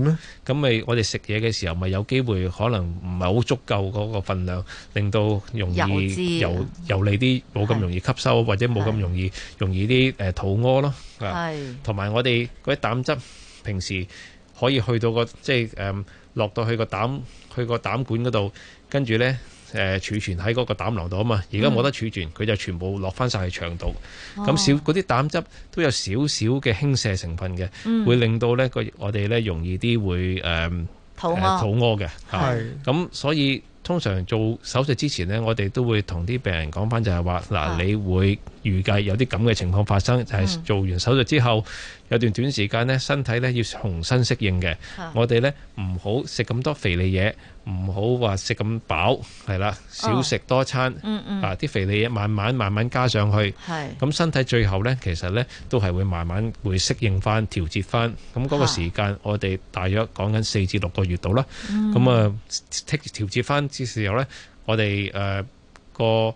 咁咪我哋食嘢嘅時候咪有機會可能唔係好足夠嗰個份量，令到容易油油膩啲，冇咁容易吸收，或者冇咁容易容易啲誒肚屙咯。係，同埋我哋嗰啲膽汁平時可以去到個即係誒落到去個膽去個膽管嗰度，跟住呢。誒、呃、儲存喺嗰個膽囊度啊嘛，而家冇得儲存，佢、嗯、就全部落翻晒去腸度。咁少嗰啲膽汁都有少少嘅輕瀉成分嘅、嗯，會令到呢個我哋呢容易啲會誒肚屙嘅。係、呃、咁，啊、所以通常做手術之前呢，我哋都會同啲病人講翻，就係話嗱，你會預計有啲咁嘅情況發生，就係、是、做完手術之後、嗯、有段短時間呢，身體呢要重新適應嘅、啊。我哋呢唔好食咁多肥膩嘢。唔好話食咁飽，係啦，少食多餐，哦、嗯嗯啊，啲肥膩嘢慢慢慢慢加上去，咁身體最後呢，其實呢都係會慢慢會適應返、調節返，咁嗰個時間我哋大約講緊四至六個月度啦，咁、嗯、啊，調節返之時候呢，我哋誒、呃、個。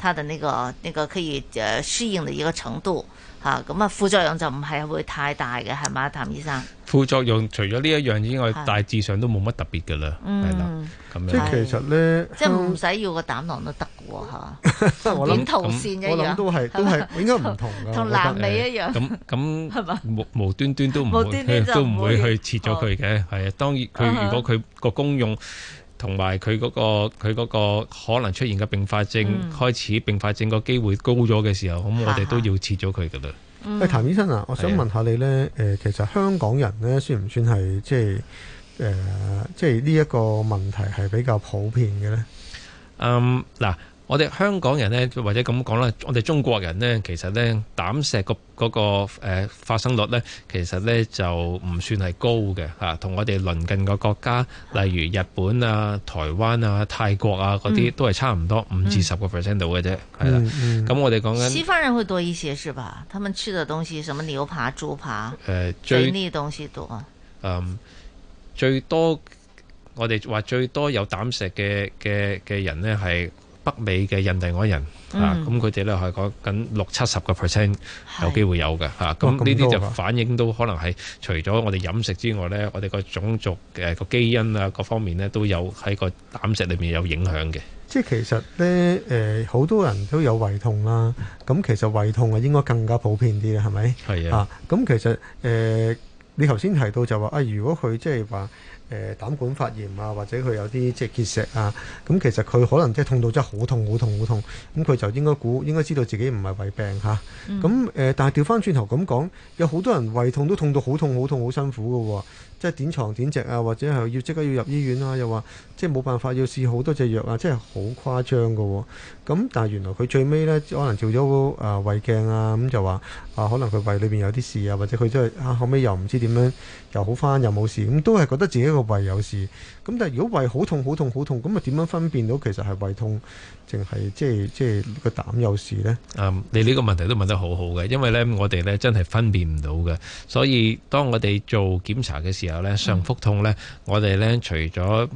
它的呢、呢個呢、呢個可以誒適應嘅一個程度嚇，咁啊副作用就唔係會太大嘅，係嘛，譚醫生？副作用除咗呢一樣以外，大致上都冇乜特別嘅啦。嗯，咁樣、嗯。即係其實咧，即係唔使要個膽囊都得嘅喎嚇。嗯啊、 <laughs> 我諗，我諗都係都係應該唔同嘅，同闌尾一樣。咁咁係嘛？無無，無，無端端唔、嗯、都唔會都唔會去切咗佢嘅係啊。當然佢如果佢個功用。同埋佢嗰個佢嗰個可能出現嘅併發症、嗯、開始，併發症個機會高咗嘅時候，咁、嗯、我哋都要切咗佢噶啦。咁、嗯、啊，譚醫生啊，我想問下你呢，誒、呃，其實香港人呢，算唔算係即係誒，即係呢一個問題係比較普遍嘅呢？嗯，嗱。我哋香港人呢，或者咁講啦，我哋中國人呢，其實呢，膽石、那個嗰個、呃、發生率呢，其實呢就唔算係高嘅嚇。同、啊、我哋鄰近個國家，例如日本啊、台灣啊、泰國啊嗰啲，都係差唔多五至十個 percent 度嘅啫。係啦，咁、嗯嗯嗯嗯、我哋講緊。西方人會多一些，是吧？他們吃嘅東西，什麼牛扒、豬扒，肥膩嘅東西多。嗯，最多我哋話最多有膽石嘅嘅嘅人呢，係。北美嘅印第安人吓，咁佢哋咧係講緊六七十個 percent 有機會有嘅吓，咁呢啲就反映到可能係除咗我哋飲食之外咧，我哋個種族嘅個基因啊各方面咧都有喺個膽石裏面有影響嘅。即係其實咧，誒好多人都有胃痛啦，咁其實胃痛啊應該更加普遍啲啦係咪？係啊，咁其實誒你頭先提到就話啊，如果佢即係話。誒、呃、膽管發炎啊，或者佢有啲即係結石啊，咁、嗯、其實佢可能即係痛到真係好痛好痛好痛，咁佢、嗯、就應該估應該知道自己唔係胃病嚇、啊，咁、嗯嗯嗯、但係調翻轉頭咁講，有好多人胃痛都痛到好痛好痛好辛苦㗎喎、啊。即係點床點席啊，或者係要即刻要入醫院啊，又話即係冇辦法要試好多隻藥啊，即係好誇張噶。咁但係原來佢最尾呢，可能做咗個誒胃鏡啊，咁就話啊，可能佢胃裏邊有啲事啊，或者佢真係啊，後尾又唔知點樣，又好翻又冇事，咁都係覺得自己個胃有事。咁但係如果胃好痛好痛好痛，咁啊點樣分辨到其實係胃痛，淨係即係即係個膽有事呢？嗯，你呢個問題都問得好好嘅，因為呢，我哋呢真係分辨唔到嘅，所以當我哋做檢查嘅時候，有咧上腹痛咧、嗯，我哋咧除咗誒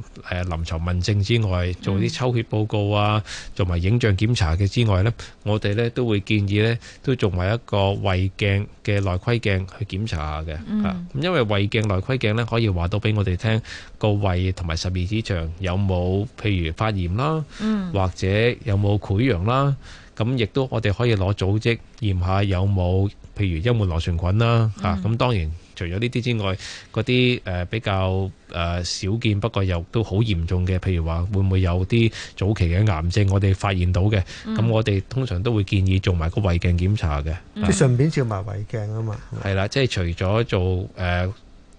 臨床問症之外，做啲抽血報告啊，同、嗯、埋影像檢查嘅之外咧，我哋咧都會建議咧，都做埋一個胃鏡嘅內窺鏡去檢查下嘅。嗯，咁、啊、因為胃鏡內窺鏡咧可以話到俾我哋聽個胃同埋十二指腸有冇譬如發炎啦，嗯，或者有冇潰瘍啦，咁亦都我哋可以攞組織驗下有冇譬如幽門螺旋菌啦、啊。嗯，咁、啊、當然。除咗呢啲之外，嗰啲誒比較誒少見，不過又都好嚴重嘅，譬如話會唔會有啲早期嘅癌症，我哋發現到嘅，咁、嗯、我哋通常都會建議做埋個胃鏡檢查嘅、嗯。即順便照埋胃鏡啊嘛。係、呃、啦，即係除咗做誒。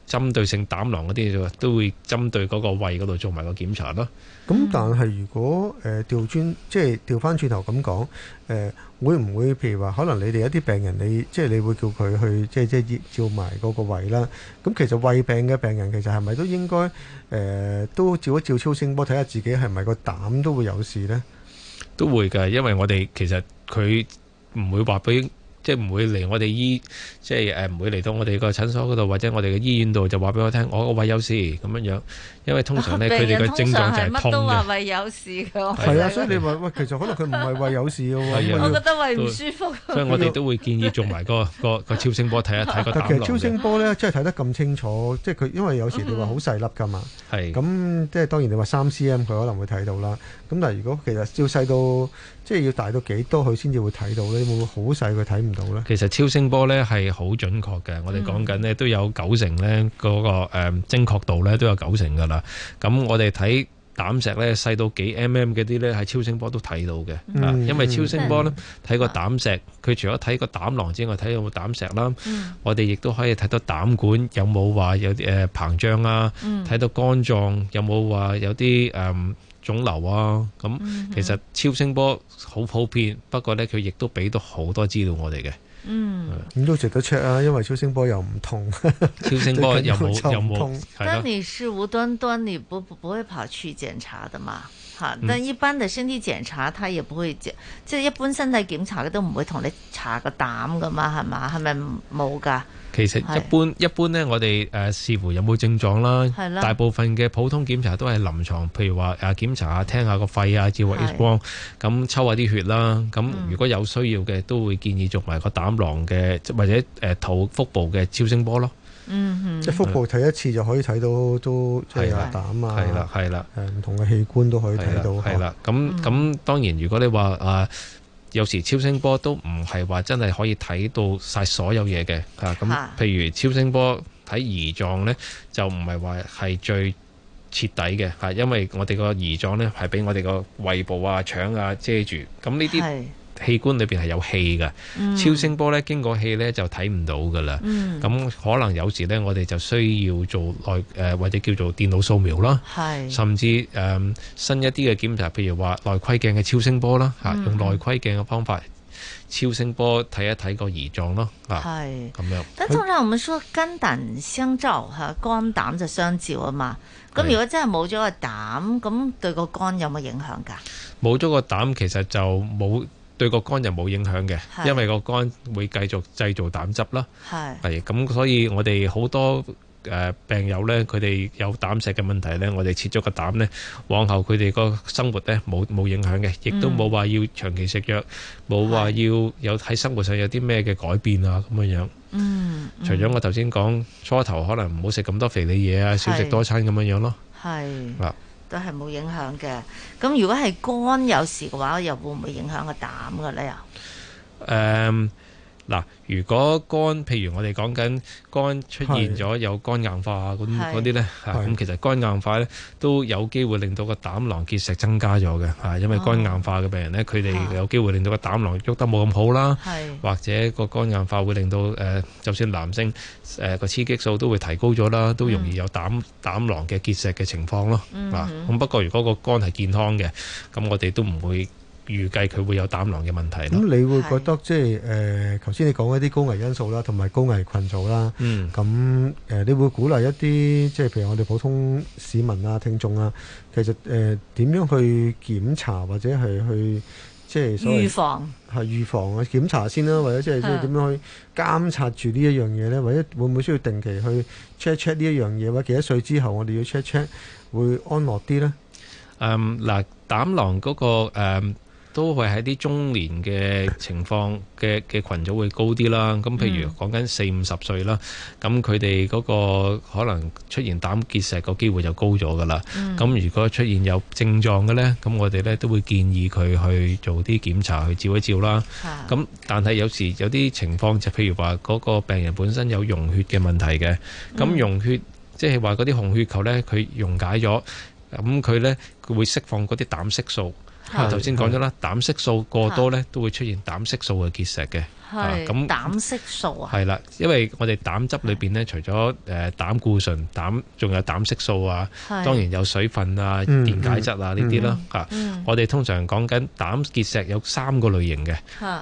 針對性膽囊嗰啲都會針對嗰個胃嗰度做埋個檢查咯。咁、嗯、但係如果誒、呃、調轉，即係調返轉頭咁講，誒、呃、會唔會譬如話，可能你哋一啲病人，你即係你會叫佢去，即係即係照埋嗰個胃啦。咁、啊、其實胃病嘅病人，其實係咪都應該誒、呃、都照一照超聲波，睇下自己係咪個膽都會有事呢？都會㗎，因為我哋其實佢唔會話俾，即係唔會嚟我哋醫。即係誒唔會嚟到我哋個診所嗰度，或者我哋嘅醫院度就話俾我聽，我個胃有事咁樣樣。因為通常咧佢哋嘅症狀就係痛嘅係都話胃有事㗎。係啊，所以你話喂，其實可能佢唔係胃有事 <laughs> 佢我覺得胃唔舒服的。所以我哋都會建議做埋、嗰個 <laughs> 個超聲波睇一睇個膽囊。但其實超聲波咧，即係睇得咁清楚，即係佢因為有時候你話好細粒㗎嘛，咁即係當然你話三 C M 佢可能會睇到啦。咁但係如果其實要細到即係、就係、要大到幾多佢先至會睇到咧？會唔會好細佢睇唔到咧？其實超聲波咧係。好準確嘅，我哋講緊呢都有九成呢，嗰、嗯嗰個精確、嗯、度呢都有九成㗎喇。咁我哋睇膽石呢，細到幾 mm 嗰啲呢，喺超聲波都睇到嘅、嗯。因為超聲波呢，睇、嗯、個膽石，佢除咗睇個膽囊之外，睇有冇膽石啦、嗯。我哋亦都可以睇到膽管有冇話有啲膨脹啊，睇、嗯、到肝臟有冇話有啲、呃、腫瘤啊。咁其實超聲波好普遍，不過呢，佢亦都俾到好多資料我哋嘅。嗯，咁都值得 check 啊，因為超聲波又唔痛，超聲波又冇又冇痛。但你事無端端，你不不會跑去檢查的嘛？吓、嗯，但一般的身體檢查，他也不會檢，即係一般身體檢查佢都唔會同你查個膽噶嘛，係嘛？係咪冇噶？其實一般一般咧，我哋誒視乎有冇症狀啦。大部分嘅普通檢查都係臨床，譬如話誒、啊、檢查下聽一下個肺啊，照個 X 光，咁抽下啲血啦。咁如果有需要嘅，都會建議做埋個膽囊嘅，或者誒肚、啊、腹部嘅超聲波咯。嗯嗯，即腹部睇一次就可以睇到都係呀，膽啊，係啦係啦，唔、啊啊啊、同嘅器官都可以睇到。係啦，咁咁、啊、當然如果你話有時超聲波都唔係話真係可以睇到晒所有嘢嘅，啊咁，譬如超聲波睇胰臟呢，就唔係話係最徹底嘅，嚇、啊，因為我哋個胰臟呢，係俾我哋個胃部啊、腸啊遮住，咁呢啲。器官裏邊係有氣嘅，嗯，超聲波咧經過氣咧就睇唔到噶啦。咁，嗯、可能有時咧，我哋就需要做內誒、呃、或者叫做電腦掃描啦，甚至誒、呃、新一啲嘅檢查，譬如話內窺鏡嘅超聲波啦，吓、嗯、用內窺鏡嘅方法超聲波睇一睇個胰臟咯，吓。係咁樣。咁通常我們說肝、嗯、膽相照吓，肝膽就相照啊嘛。咁如果真係冇咗個膽，咁對個肝有乜影響噶？冇咗個膽，其實就冇。對個肝又冇影響嘅，因為個肝會繼續製造膽汁啦。係，係咁，所以我哋好多誒病友呢，佢哋有膽石嘅問題呢，我哋切咗個膽呢，往後佢哋個生活呢冇冇影響嘅，亦都冇話要長期食藥，冇話要有喺生活上有啲咩嘅改變啊咁樣樣。嗯，除咗我頭先講初頭可能唔好食咁多肥膩嘢啊，少食多餐咁樣樣咯。係嗱。都係冇影響嘅。咁如果係肝有事嘅話，又會唔會影響個膽嘅呢？又、um 嗱，如果肝譬如我哋講緊肝出現咗有肝硬化咁嗰啲咧，咁其實肝硬化咧都有機會令到個膽囊結石增加咗嘅，啊，因為肝硬化嘅病人咧，佢哋有機會令到個膽囊喐得冇咁好啦，或者個肝硬化會令到誒，就算男性誒個雌激素都會提高咗啦，都容易有膽膽囊嘅結石嘅情況咯，啊，咁不過如果個肝係健康嘅，咁我哋都唔會。預計佢會有膽囊嘅問題啦。咁你會覺得即係誒，頭先你講一啲高危因素啦，同埋高危群組啦。嗯。咁誒，你會鼓勵一啲即係譬如我哋普通市民啊、聽眾啊，其實誒點樣去檢查或者係去即係預防？係預防啊，檢查先啦，或者即係即係點樣去監察住呢一樣嘢咧？或者會唔會需要定期去 check check 呢一樣嘢？或者幾多歲之後我哋要 check check 會安樂啲咧？誒嗱，膽囊嗰個誒。都會喺啲中年嘅情況嘅嘅羣組會高啲啦。咁譬如講緊四五十歲啦，咁佢哋嗰個可能出現膽結石個機會就高咗㗎喇。咁如果出現有症狀嘅呢，咁我哋呢都會建議佢去做啲檢查去照一照啦。咁但係有時有啲情況就譬如話嗰個病人本身有溶血嘅問題嘅，咁溶血即係話嗰啲紅血球呢佢溶解咗，咁佢呢佢會釋放嗰啲膽色素。頭先講咗啦，膽色素過多咧，都會出現膽色素嘅結石嘅。咁、啊、膽色素啊？係啦，因為我哋膽汁裏面咧，除咗誒膽固醇，膽仲有膽色素啊。當當然有水分、嗯嗯嗯、啊、電解質啊呢啲啦。我哋通常講緊膽結石有三個類型嘅，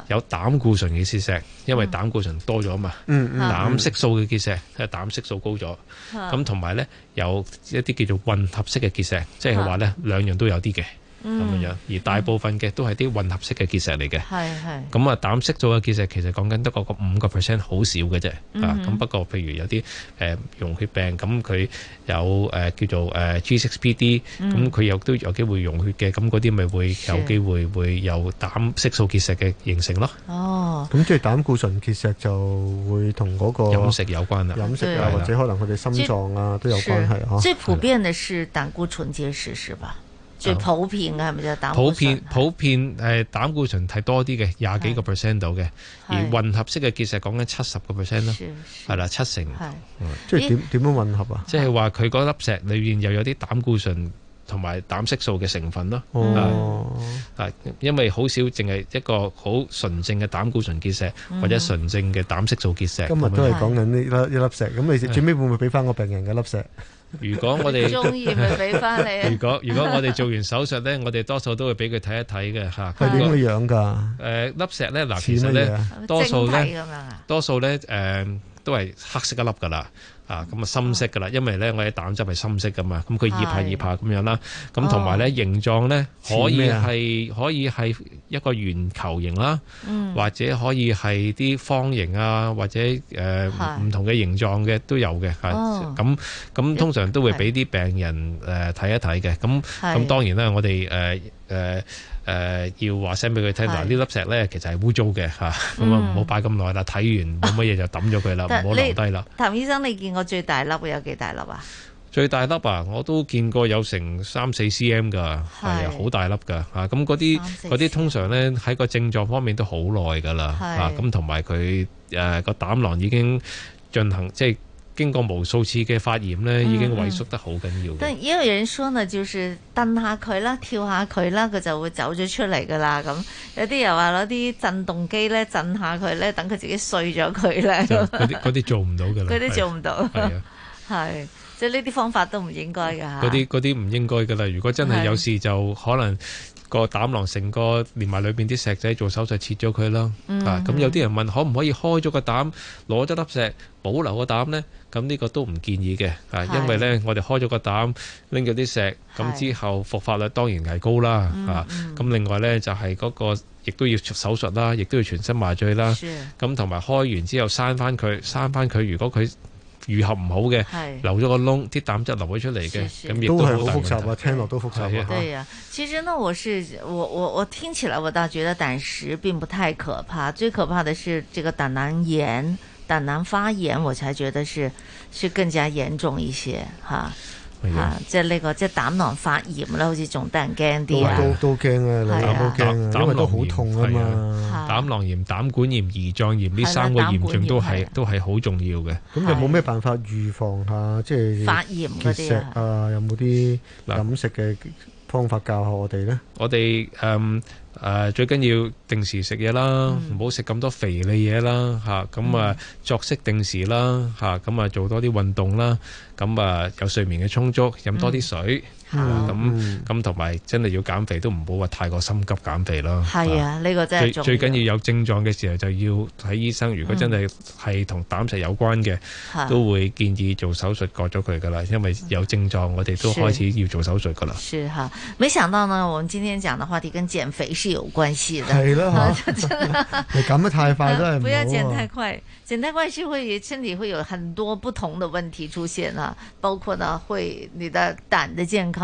有膽固醇嘅結石，因為膽固醇多咗嘛。膽、嗯嗯、膽色素嘅結石係膽色素高咗。咁同埋咧有一啲叫做混合式嘅結石，即係話咧兩樣都有啲嘅。咁、嗯、樣，而大部分嘅都係啲混合式嘅結石嚟嘅。係係。咁啊、嗯，膽色素嘅結石其實講緊得嗰個五個 percent，好少嘅啫、嗯。啊，咁不過譬如有啲誒、呃、溶血病，咁佢有誒、呃、叫做誒、呃、G6PD，咁、嗯、佢又都有機會溶血嘅，咁嗰啲咪會有機會會有膽色素結石嘅形成咯。哦。咁即係膽固醇結石就會同嗰個飲食有關啦。飲食啊，或者可能佢哋心臟啊都有關係、啊。最普遍嘅是膽固醇結石，是吧？最普遍嘅係咪就膽普遍普遍誒、呃、膽固醇係多啲嘅廿幾個 percent 到嘅，而混合式嘅結石講緊七十個 percent 咯，係啦七成。即係點點樣混合啊？即係話佢粒石裏面又有啲膽固醇同埋膽色素嘅成分咯。哦，啊、嗯，因為好少淨係一個好純正嘅膽固醇結石或者純正嘅膽色素結石。嗯、今日都係講緊呢粒一粒石，咁你最尾會唔會俾翻個病人嘅粒石？如果我哋中意咪俾翻你。如果如果我哋做完手術咧，我哋多數都會俾佢睇一睇嘅吓。係點嘅樣噶？誒、呃，粒石咧嗱，呃、其實咧多數咧多數咧誒、呃，都係黑色一粒噶啦。啊，咁啊深色噶啦，因為咧我哋膽汁係深色噶嘛，咁佢液化液化咁樣啦，咁同埋咧形狀咧、哦、可以係可以係一個圓球形啦、嗯，或者可以係啲方形啊，或者誒唔、呃、同嘅形狀嘅都有嘅，咁、啊、咁、哦、通常都會俾啲病人誒睇、呃、一睇嘅，咁咁當然啦，我哋誒誒。呃呃誒、呃、要話聲俾佢聽，嗱呢、啊、粒石咧其實係污糟嘅嚇，咁啊唔好擺咁耐啦。睇、嗯、完冇乜嘢就抌咗佢啦，唔好留低啦。譚醫生，你見過最大粒有幾大粒啊？最大粒啊，我都見過有成三四 CM 㗎，係好大粒㗎嚇。咁嗰啲嗰啲通常咧喺個症狀方面都好耐㗎啦嚇。咁同埋佢誒個膽囊已經進行即係。經過無數次嘅發炎咧，已經萎縮得好緊要。但係呢個人生啊，就算、是、蹬下佢啦，跳下佢啦，佢就會走咗出嚟噶啦。咁有啲又話攞啲震動機咧震下佢咧，等佢自己碎咗佢咧。嗰啲啲做唔到噶啦。嗰啲做唔到。係啊，係，即係呢啲方法都唔應該噶吓。嗰啲啲唔應該噶啦。如果真係有事，就可能。個膽囊成個連埋裏邊啲石仔做手術切咗佢啦，啊咁有啲人問可唔可以開咗個膽攞咗粒石保留個膽呢？咁呢個都唔建議嘅，啊因為呢我哋開咗個膽拎咗啲石，咁之後復發率當然係高啦，啊咁另外呢就係嗰個亦都要做手術啦，亦都要全身麻醉啦，咁同埋開完之後刪翻、佢刪翻佢，如果佢。愈合唔好嘅，留咗個窿，啲膽汁流咗出嚟嘅，咁亦都係好複雜啊！聽落都複雜啊！對啊，其實呢，我是我我我聽起來我倒覺得膽石並不太可怕，最可怕的是這個膽囊炎、膽囊發炎，我才覺得是是更加嚴重一些哈。啊！即係、這、呢個，即係膽囊發炎啦，好似仲得人驚啲啊！都都驚啊，膽都驚啊，膽都好痛啊嘛！膽囊炎、膽管炎、胰臟炎呢三個炎症都係、啊、都係好重要嘅。咁有冇咩辦法預防下？即係發炎嗰啲啊？有冇啲飲食嘅方法教下我哋咧、啊嗯？我哋誒。嗯誒、啊、最緊要定時食嘢啦，唔好食咁多肥膩嘢啦，咁啊，啊、嗯、作息定時啦，咁啊，啊做多啲運動啦，咁啊，啊有睡眠嘅充足，飲多啲水。嗯咁咁同埋真係要減肥都唔好話太過心急減肥囉，係啊，呢、啊呢個真係最最緊要有症狀嘅時候就要睇醫生，嗯。如果真係係同膽石有關嘅，啊，都會建議做手術割咗佢噶啦。因為有症狀，我哋都開始要做手術噶啦。是哈，啊，沒想到呢，我哋今天講的話題跟減肥是有關係嘅。係咯，啊，啊、 <laughs> 你減得太快都係唔好，啊啊。不要減太快，減太快是會身體會有很多不同的問題出現啊，包括呢會你的膽的健康。